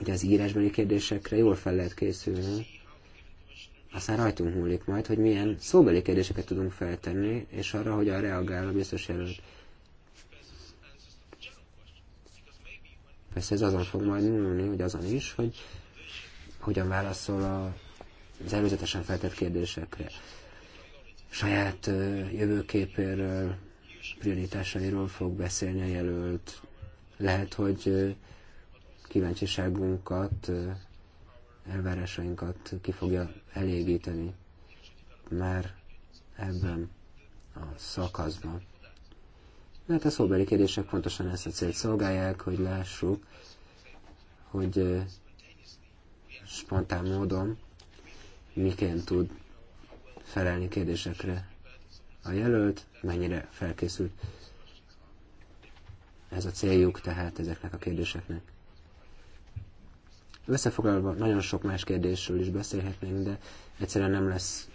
ugye az írásbeli kérdésekre jól fel lehet készülni, aztán rajtunk múlik majd, hogy milyen szóbeli kérdéseket tudunk feltenni, és arra, hogyan reagál a biztos jelölt. Persze ez azon fog majd múlni, hogy azon is, hogy hogyan válaszol a, az előzetesen feltett kérdésekre. Saját jövőképéről, prioritásairól fog beszélni a jelölt. Lehet, hogy kíváncsiságunkat, elvárásainkat ki fogja elégíteni már ebben a szakaszban. Mert a szóbeli kérdések pontosan ezt a célt szolgálják, hogy lássuk, hogy spontán módon miként tud felelni kérdésekre a jelölt, mennyire felkészült. Ez a céljuk tehát ezeknek a kérdéseknek. Összefoglalva nagyon sok más kérdésről is beszélhetnénk, de egyszerűen nem lesz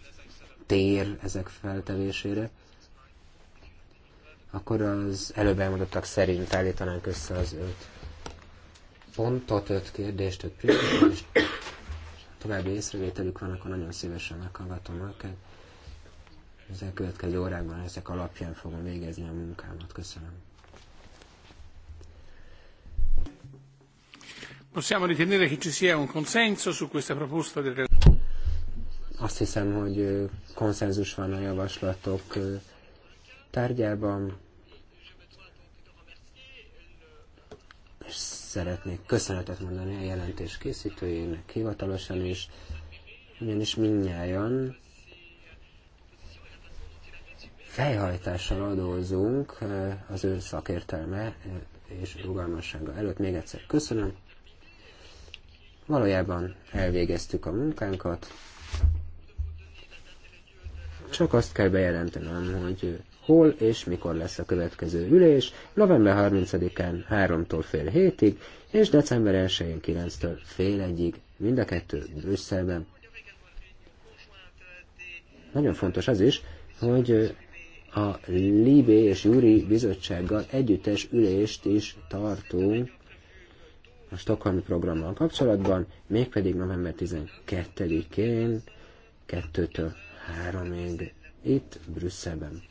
tér ezek feltevésére. Akkor az előbb elmondottak szerint állítanánk össze az öt pontot, öt kérdést, öt prioritést. További észrevételük van, akkor nagyon szívesen meghallgatom őket. Az elkövetkező órákban ezek alapján fogom végezni a munkámat. Köszönöm. Possiamo ritenere che ci sia un consenso su questa proposta del Azt hiszem, hogy konszenzus van a javaslatok tárgyában. És szeretnék köszönetet mondani a jelentés készítőjének hivatalosan is, ugyanis mindnyájan fejhajtással adózunk az ő szakértelme és rugalmassága előtt. Még egyszer köszönöm. Valójában elvégeztük a munkánkat, csak azt kell bejelentenem, hogy hol és mikor lesz a következő ülés, november 30-án 3-tól fél hétig, és december 1-én 9-től fél egyig, mind a kettő Brüsszelben. Nagyon fontos az is, hogy a Libé és Júri bizottsággal együttes ülést is tartunk a Stockholmi programmal kapcsolatban, mégpedig november 12-én 2-től 3-ig itt Brüsszelben.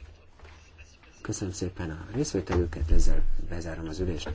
Köszönöm szépen a részvételüket, ezzel bezárom az ülést.